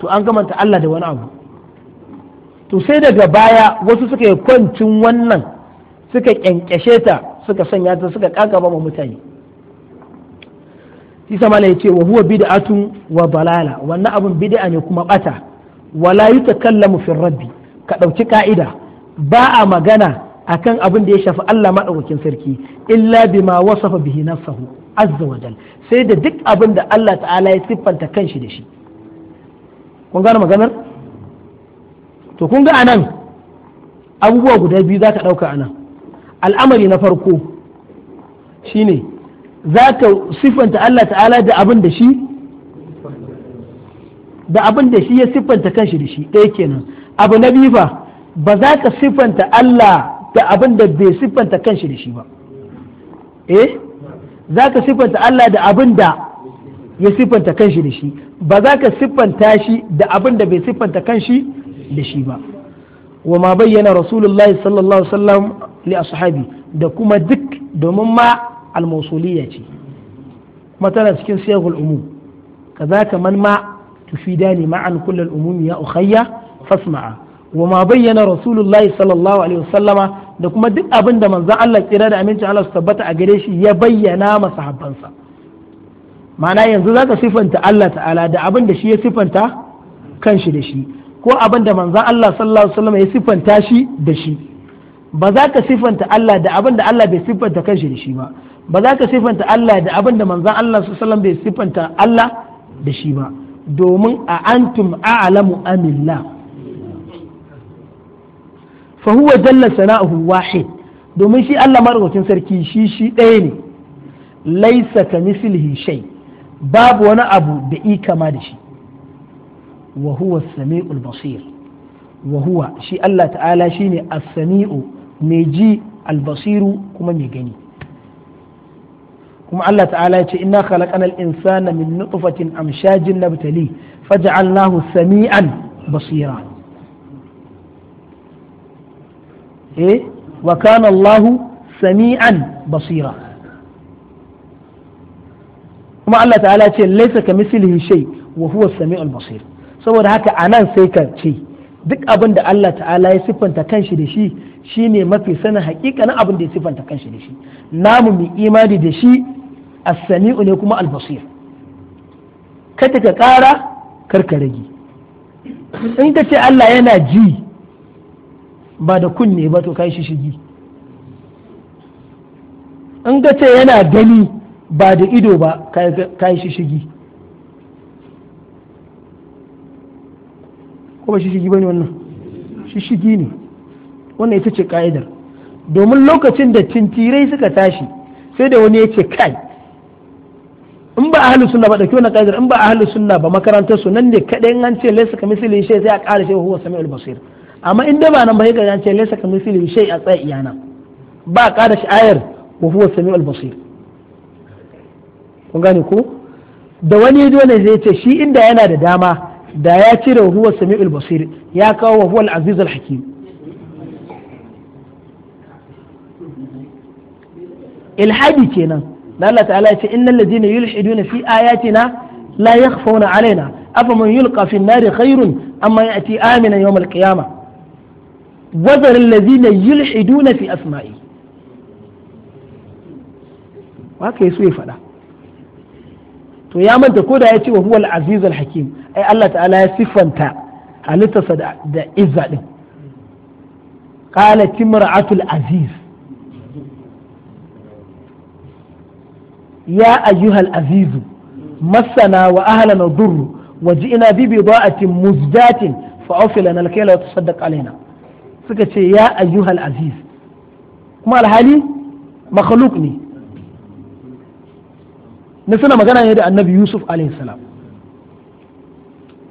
to an gamanta Allah da wani abu to sai daga baya wasu suka yi kwancin wannan suka kyankyashe ta suka sanya ta suka kakaba ma mutane shi sama ne ce wa huwa bid'atun wa balala wannan abun bid'a ne kuma bata wala yutakallamu fi rabbi ka dauki ka'ida ba a magana akan abin da ya shafi Allah madaukakin sarki illa bima wasafa bihi nafsuhu azza wa jal sai da duk abin da Allah ta'ala ya siffanta kanshi da shi kun gane maganar to kun ga anan abubuwa guda biyu zaka dauka anan al'amari na farko shine za ka siffanta Allah ta'ala da abin da shi da abin da shi ya siffanta kanshi da shi ɗaya kenan abu na biyu fa ba za ka siffanta Allah da abin da bai siffanta kanshi da shi ba eh za ka siffanta Allah da abin da ya siffanta kanshi da shi ba za ka siffanta shi da abin da bai siffanta kanshi da shi ba wa ma bayyana rasulullahi sallallahu alaihi wasallam li ashabi da kuma duk domin ma al-mausuliyya ce kuma tana cikin siyahul umum kazaka man ma tufidani ma'an kullal umumi ya ukhayya fasma'a wa ma bayyana rasulullahi sallallahu alaihi wasallama da kuma duk abin da manzon Allah kira da amincin Allah su tabbata a gare shi ya bayyana masahabbansa ma'ana yanzu zaka sifanta Allah ta'ala da abin da shi ya sifanta kanshi da shi ko abin da manzon Allah sallallahu alaihi wasallama ya sifanta shi da shi ba za ka sifanta Allah da abin da Allah bai sifanta kanshi da shi ba ba za ka siffanta Allah da abin da manzan Allah su salam bai siffanta Allah da shi ba domin a antum a'lamu amillah fa huwa jalla sana'uhu wahid domin shi Allah madaukakin sarki shi shi ɗaya ne laisa ka mislihi shay babu wani abu da i kama da shi wa huwa samiul basir wa huwa shi Allah ta'ala shine as-sami'u mai ji al-basiru kuma mai gani kuma Allah ta'ala ya ce inna khalaqanal insana min nutfatin amshajin nabtali faj'alnahu sami'an basira eh wa kana Allah sami'an basira kuma Allah ta'ala ya ce laysa kamithlihi shay wa huwa sami'ul basir saboda haka anan sai ka ce duk abin da Allah ta'ala ya siffanta kanshi da shi Shi ne mafi sanin na abin da ya sifanta kanshi da shi namu mu imani da shi as-sami'u ne kuma al-basir kada ka kara kar ka rage in ka ce Allah yana ji ba da kunne ba to kai shi shigi in ka ce yana gani ba da ido ba kai shi shigi ko ba shi shigi ne wannan shi shigi ne wannan ita ce ka'idar domin lokacin da tintirai suka tashi sai da wani ya ce kai in ba a halin sunna ba dauki wannan ka'idar in ba a halin sunna ba makarantar su nan ne kadai in an ce laysa kamithlihi shay sai a ƙara cewa huwa samiul basir amma in da ba nan ba sai ga an ce laysa kamithlihi shay a tsaya iyana ba a ƙara shi ayar wa huwa samiul basir kun gane ko da wani ya ne zai ce shi inda yana da dama da ya cire huwa samiul basir ya kawo wa huwa al aziz al hakim ilhadi kenan da Allah ta'ala ya ce innal ladina yulhiduna fi ayatina la yakhfawna alaina afa man yulqa fi nari khairun amma ya'ti amina yawm al-qiyamah وذر الذين يلحدون في أسمائي haka yaso ya faɗa to ya manta koda ya ce wa huwa al hakim ai Allah ta'ala ya sifanta halittarsa da izza din qalat imra'atu aziz ya ayyuhal azizu masana wa ahlana durru wa ina bi bida'atin muzjatin fa awfilana alkayla wa tasaddaq alaina suka ce ya ayyuhal aziz kuma alhali makhluk ne na suna magana ne da annabi yusuf alaihi salam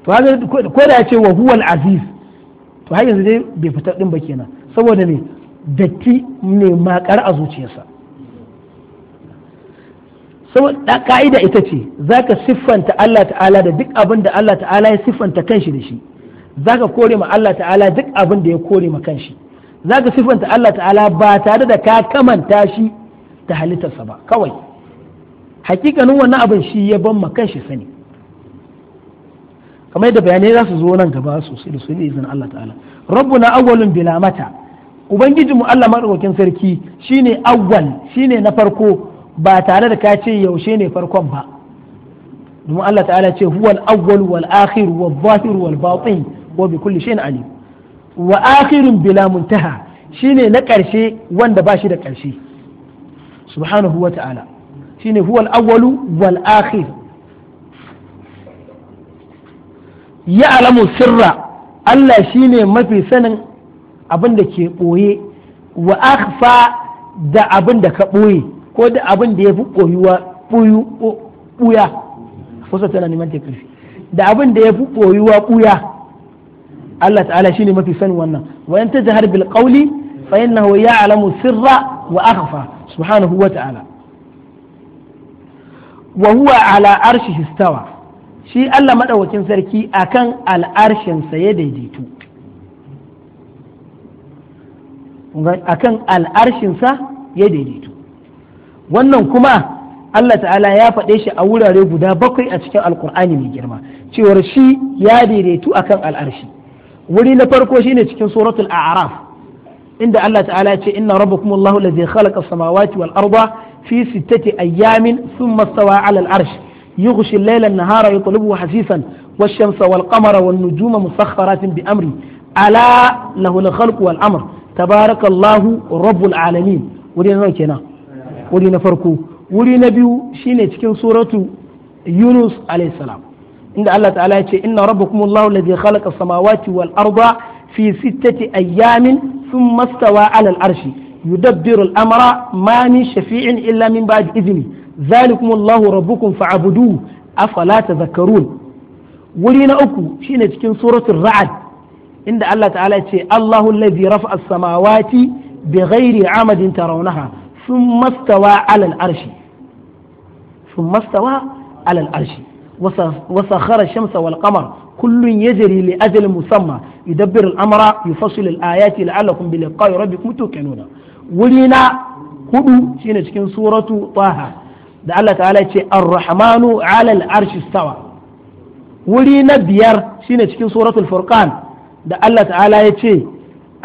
to haka ko ce wa huwal aziz to har yanzu dai bai fita din ba kenan saboda ne datti ne makar a zuciyarsa saboda ka'ida ita ce za ka siffanta Allah ta'ala da duk abin da Allah ta'ala ya siffanta kanshi da shi ka kore ma Allah ta'ala duk abin da ya kore ma kanshi za ka siffanta Allah ta'ala ba tare da ka kamanta shi ta halittarsa ba kawai hakikanin wannan abin shi ya ban ma kanshi sani kamar yadda bayanai za su zo nan gaba sosai da sosai izin Allah ta'ala rabbuna awwalun bila mata ubangijinmu Allah madaukakin sarki shine awwal shine na farko ba tare da ka ce yaushe ne farkon ba domin Allah ta'ala ce huwal awwal wal akhir wa zahir wal batin wa bi kulli shay'in alim wa akhirun bila muntaha shine na karshe wanda ba shi da karshe subhanahu wa ta'ala shine huwal awwalu wal akhir ya'lamu sirra Allah shine mafi sanin abin da ke ɓoye wa akhfa da abin da ka ɓoye ko da abin da ya fi koyuwa ɓuya fusa tana neman ta da abin da ya fi koyuwa ɓuya Allah ta'ala shi ne mafi sanin wannan wa in tajhar bil qawli fa innahu ya'lamu sirra wa akhfa subhanahu wa ta'ala wa huwa ala arshihi istawa shi Allah madaukakin sarki akan al'arshin sa ya daidaitu akan al'arshin sa ya daidaitu wannan kuma Allah ta'ala ya faɗe shi a wurare guda bakwai a cikin alkur'ani mai girma cewar shi ya daidaitu kan al'arshi wuri na farko shine cikin suratul a'raf inda Allah ta'ala ya ce inna rabbakum Allahu allazi khalaqa samawati wal arda fi sittati ayyamin thumma stawa 'ala al'arsh yughshi al-layla an-nahara yatlubuhu hasisan wash-shamsa wal-qamara wan-nujuma musakhkharatin bi amri ala lahu al-khalqu wal-amr tabarakallahu rabbul alamin wuri na kenan wuri na farko wuri na biyu shine cikin suratu yunus alaihissalam inda Allah ta'ala ya ce inna rabbakumullahu alladhi khalaqa samawati wal arda fi sittati ayyamin thumma istawa 'ala al-arshi yudabbiru al-amra ma min shafi'in illa min ba'di idhni dhalikumullahu rabbukum fa'buduhu afala tadhakkarun wuri na uku shine cikin suratul ra'ad inda Allah ta'ala ya ce Allahu alladhi rafa'a as-samawati بغير عمد ترونها sun mastawa alal arshi sun mastawa alal arshi وسخر الشمس والقمر كل musamma لأجل مسمى يدبر الأمر يفصل الآيات لعلكم بلقاء ربكم توقنون ولينا هدو شين cikin suratu طه da Allah ta'ala ce ar-rahmanu 'ala arshi stawa wuri na biyar shine cikin suratul furqan da Allah ta'ala ya ce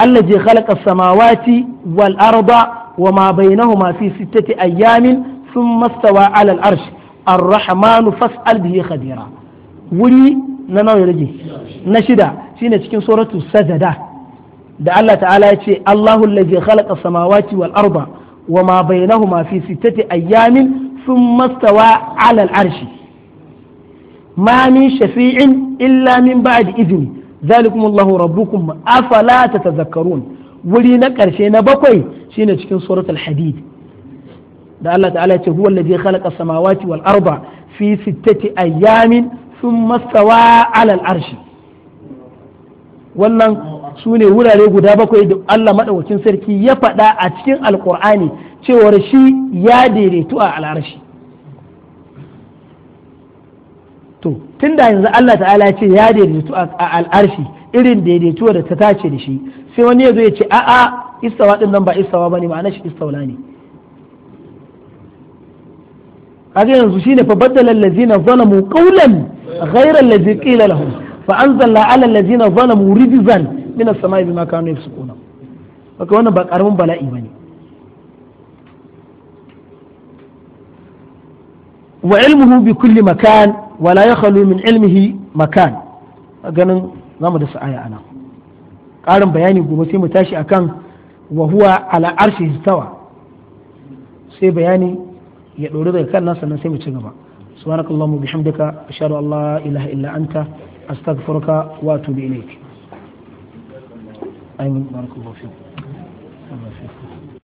allazi khalaqa samawati wal arda وما بينهما في ستة أيام ثم استوى على العرش الرحمن فاسأل به خبيرا وري نناو يرجي نشدا شين تكين سورة السجدة ده الله تعالى يتشي الله الذي خلق السماوات والأرض وما بينهما في ستة أيام ثم استوى على العرش ما من شفيع إلا من بعد إذن ذلكم الله ربكم أفلا تتذكرون wuri na ƙarshe na bakwai shine cikin suratul hadid da Allah ta'ala ya ce huwa allazi khalaqa samawati wal arda fi sittati ayyamin thumma stawa 'ala al arshi wannan sune wurare guda bakwai da Allah madaukakin sarki ya faɗa a cikin alqur'ani cewar shi ya daidaitu a al'arshi to tunda yanzu Allah ta'ala ya ce ya daidaitu a al'arshi irin daidaituwa da ta tace da shi sai wani ya zo ya ce a'a istawa din nan ba istawa bane ma'ana shi istawla ne kaga yanzu shine fa baddala allazina zalamu qawlan ghayra allazi qila lahum fa anzalna ala allazina zalamu rijzan min as-sama'i bima kanu yafsukuna kaga wannan ba karamin bala'i bane wa ilmuhu bi kulli makan wa la yakhlu min ilmihi makan ganin za mu dasa aya anan ƙarin bayani gobe sai mu tashi akan wa huwa ala arshi istawa sai bayani ya ɗori daga kan nasa sai mu ci gaba subhanakallahumma bihamdika ashhadu an la ilaha illa anta astaghfiruka wa atubu ilayk amin barakallahu fiik